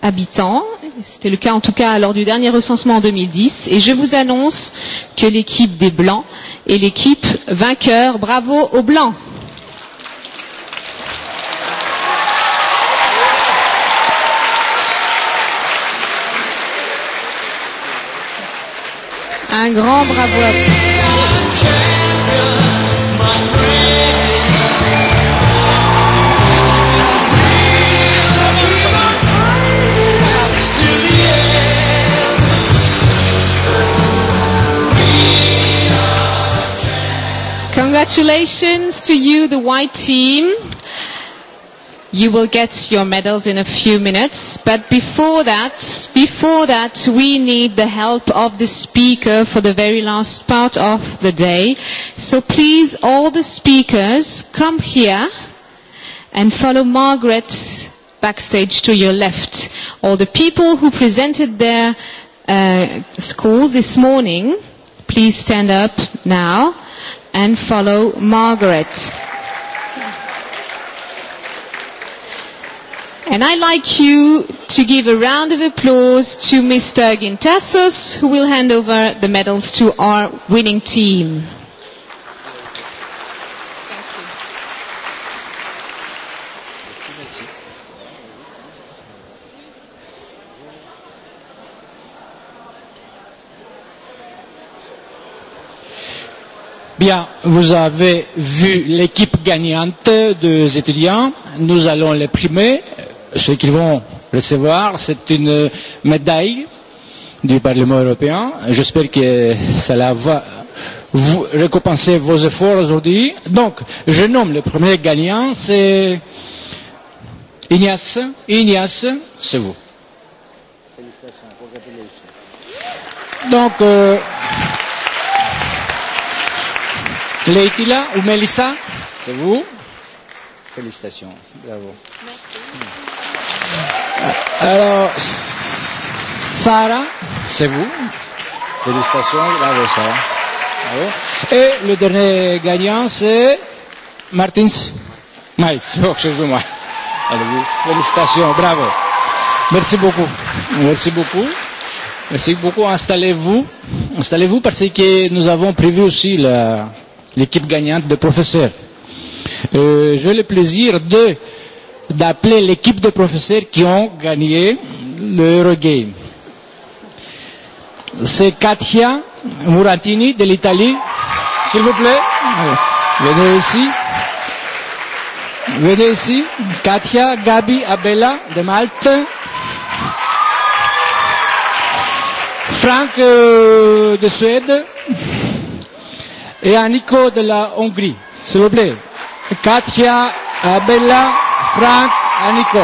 habitants. C'était le cas en tout cas lors du dernier recensement en 2010. Et je vous annonce que l'équipe des Blancs est l'équipe vainqueur. Bravo aux Blancs. Un grand bravo à vous. Congratulations to you, the white team. You will get your medals in a few minutes, but before that, before that, we need the help of the speaker for the very last part of the day. So please, all the speakers, come here and follow Margaret backstage to your left. All the people who presented their uh, schools this morning, please stand up now and follow Margaret. And I'd like you to give a round of applause to Mr. Gintasos, who will hand over the medals to our winning team. Bien, vous avez vu l'équipe gagnante des étudiants. Nous allons les primer ceux qui vont recevoir, c'est une médaille du Parlement européen. J'espère que cela va vous récompenser vos efforts aujourd'hui. Donc, je nomme le premier gagnant, c'est Ignace. Ignace, c'est vous. Donc, euh, Leitila ou Melissa, c'est vous. Félicitations, bravo. Merci. Alors, Sarah, c'est vous. Félicitations, bravo Sarah. Bravo. Et le dernier gagnant, c'est Martins. Mike, excusez-moi. Allez-vous. Félicitations, bravo. Merci beaucoup. Merci beaucoup. Merci beaucoup. Installez-vous. Installez-vous parce que nous avons prévu aussi l'équipe gagnante de professeurs. Euh, J'ai le plaisir de d'appeler l'équipe de professeurs qui ont gagné le Eurogame. C'est Katia Murantini de l'Italie. S'il vous plaît, venez ici. Venez ici. Katia Gabi Abella de Malte. Franck euh, de Suède et Aniko de la Hongrie. S'il vous plaît. Katia Abella. Frank a Nico.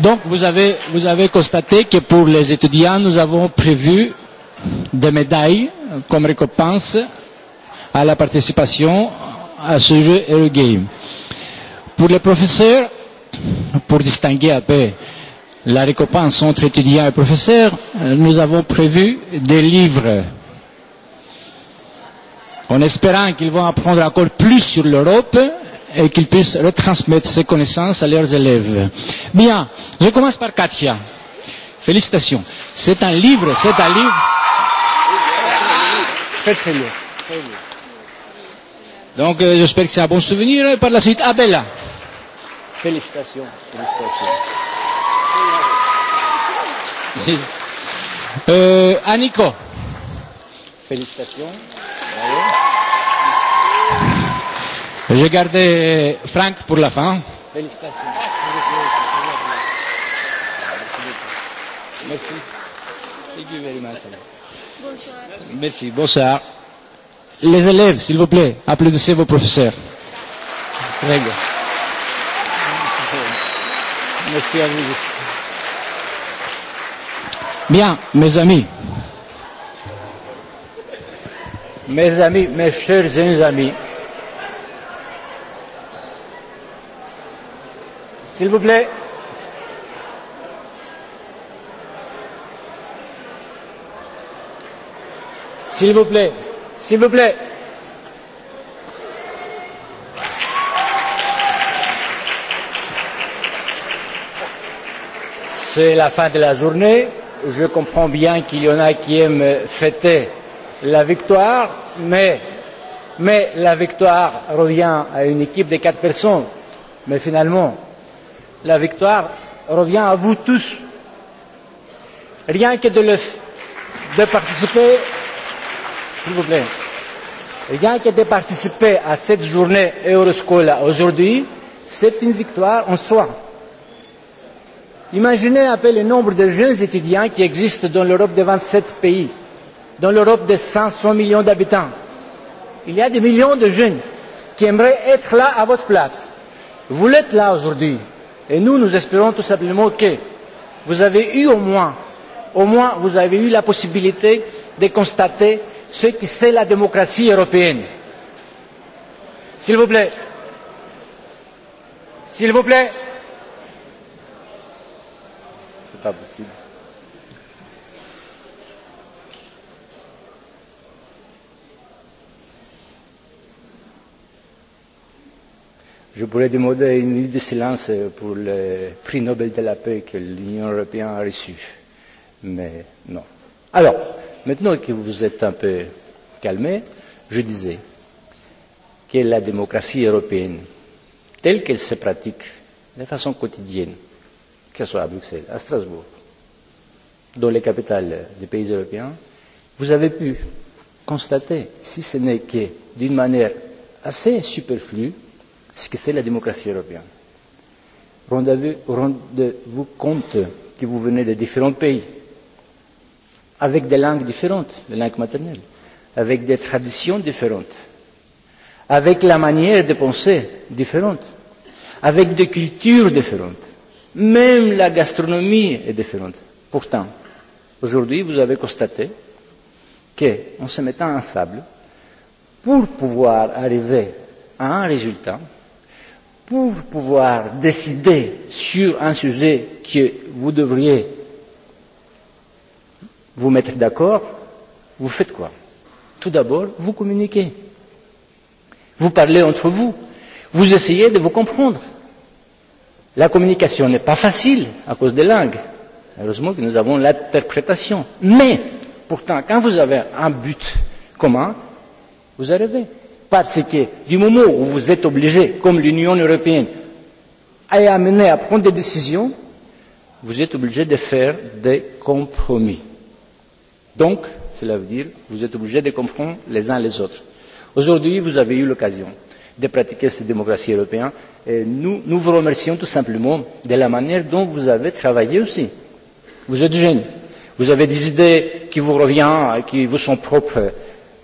Donc vous avez, vous avez constaté que pour les étudiants, nous avons prévu des médailles comme récompense à la participation à ce jeu Eurogame. Pour les professeurs, pour distinguer un peu la récompense entre étudiants et professeurs, nous avons prévu des livres en espérant qu'ils vont apprendre encore plus sur l'Europe et qu'ils puissent retransmettre ces connaissances à leurs élèves. Bien, je commence par Katia. Félicitations. C'est un livre, c'est un livre. Très très bien. Très bien. Donc euh, j'espère que c'est un bon souvenir. Et par la suite, Abella. Félicitations. Félicitations. euh, Aniko. Félicitations. J'ai gardé Franck pour la fin. Félicitations. Merci. Thank you very much. Bonsoir. Merci, bonsoir. Les élèves, s'il vous plaît, applaudissez vos professeurs. Très bien. Merci à vous. Bien, mes amis. Mes amis, mes chers et amis. S'il vous plaît. S'il vous plaît. S'il vous plaît. C'est la fin de la journée. Je comprends bien qu'il y en a qui aiment fêter la victoire, mais, mais la victoire revient à une équipe de quatre personnes. Mais finalement, la victoire revient à vous tous. Rien que de, le, de participer s'il vous plaît. Rien qui a participé à cette journée Euroscola aujourd'hui, c'est une victoire en soi. Imaginez un peu le nombre de jeunes étudiants qui existent dans l'Europe de 27 pays, dans l'Europe de 500 millions d'habitants. Il y a des millions de jeunes qui aimeraient être là à votre place. Vous l'êtes là aujourd'hui. Et nous, nous espérons tout simplement que vous avez eu au moins, au moins vous avez eu la possibilité de constater ce que c'est la démocratie européenne. S'il vous plaît. S'il vous plaît. C'est pas possible. Je pourrais demander une minute de silence pour le prix Nobel de la paix que l'Union européenne a reçu. Mais non. Alors, Maintenant que vous êtes un peu calmé, je disais que la démocratie européenne, telle qu'elle se pratique de façon quotidienne, que ce soit à Bruxelles, à Strasbourg, dans les capitales des pays européens, vous avez pu constater, si ce n'est que d'une manière assez superflue, ce que c'est la démocratie européenne. Rendez-vous compte que vous venez de différents pays, avec des langues différentes, les langues maternelles, avec des traditions différentes, avec la manière de penser différente, avec des cultures différentes. Même la gastronomie est différente. Pourtant, aujourd'hui, vous avez constaté qu'en se mettant en sable, pour pouvoir arriver à un résultat, pour pouvoir décider sur un sujet que vous devriez vous mettre d'accord, vous faites quoi Tout d'abord, vous communiquez. Vous parlez entre vous. Vous essayez de vous comprendre. La communication n'est pas facile à cause des langues. Heureusement que nous avons l'interprétation. Mais, pourtant, quand vous avez un but commun, vous arrivez. Parce que du moment où vous êtes obligé, comme l'Union européenne, à amener à prendre des décisions, vous êtes obligé de faire des compromis Donc, cela veut dire que vous êtes obligés de comprendre les uns les autres. Aujourd'hui, vous avez eu l'occasion de pratiquer cette démocratie européenne et nous, nous vous remercions tout simplement de la manière dont vous avez travaillé aussi. Vous êtes jeunes, vous avez des idées qui vous reviennent, qui vous sont propres,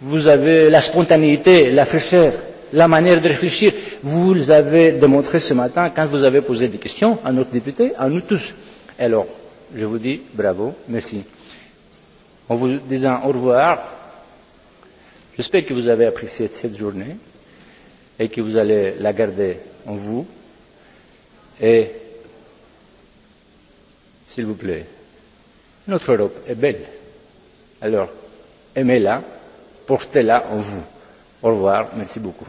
vous avez la spontanéité, la fraîcheur, la manière de réfléchir. Vous avez démontré ce matin quand vous avez posé des questions à notre député, à nous tous. Alors, je vous dis bravo, merci en vous disant au revoir. J'espère que vous avez apprécié cette journée et que vous allez la garder en vous. Et s'il vous plaît, notre Europe est belle. Alors, aimez-la, portez-la en vous. Au revoir, merci beaucoup.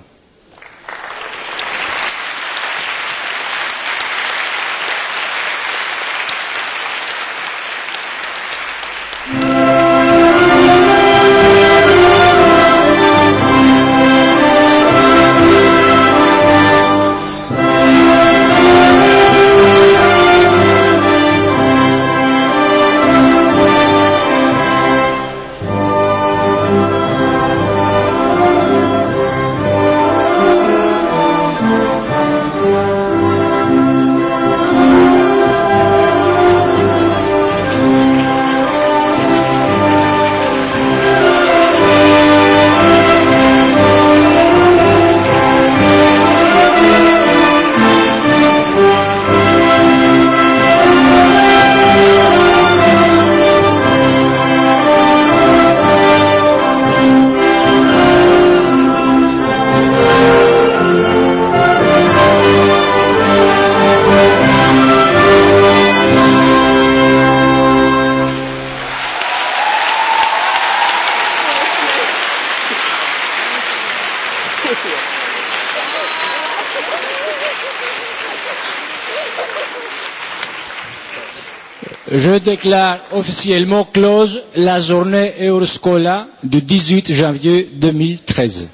déclare officiellement close la journée Euroscola du 18 janvier 2013.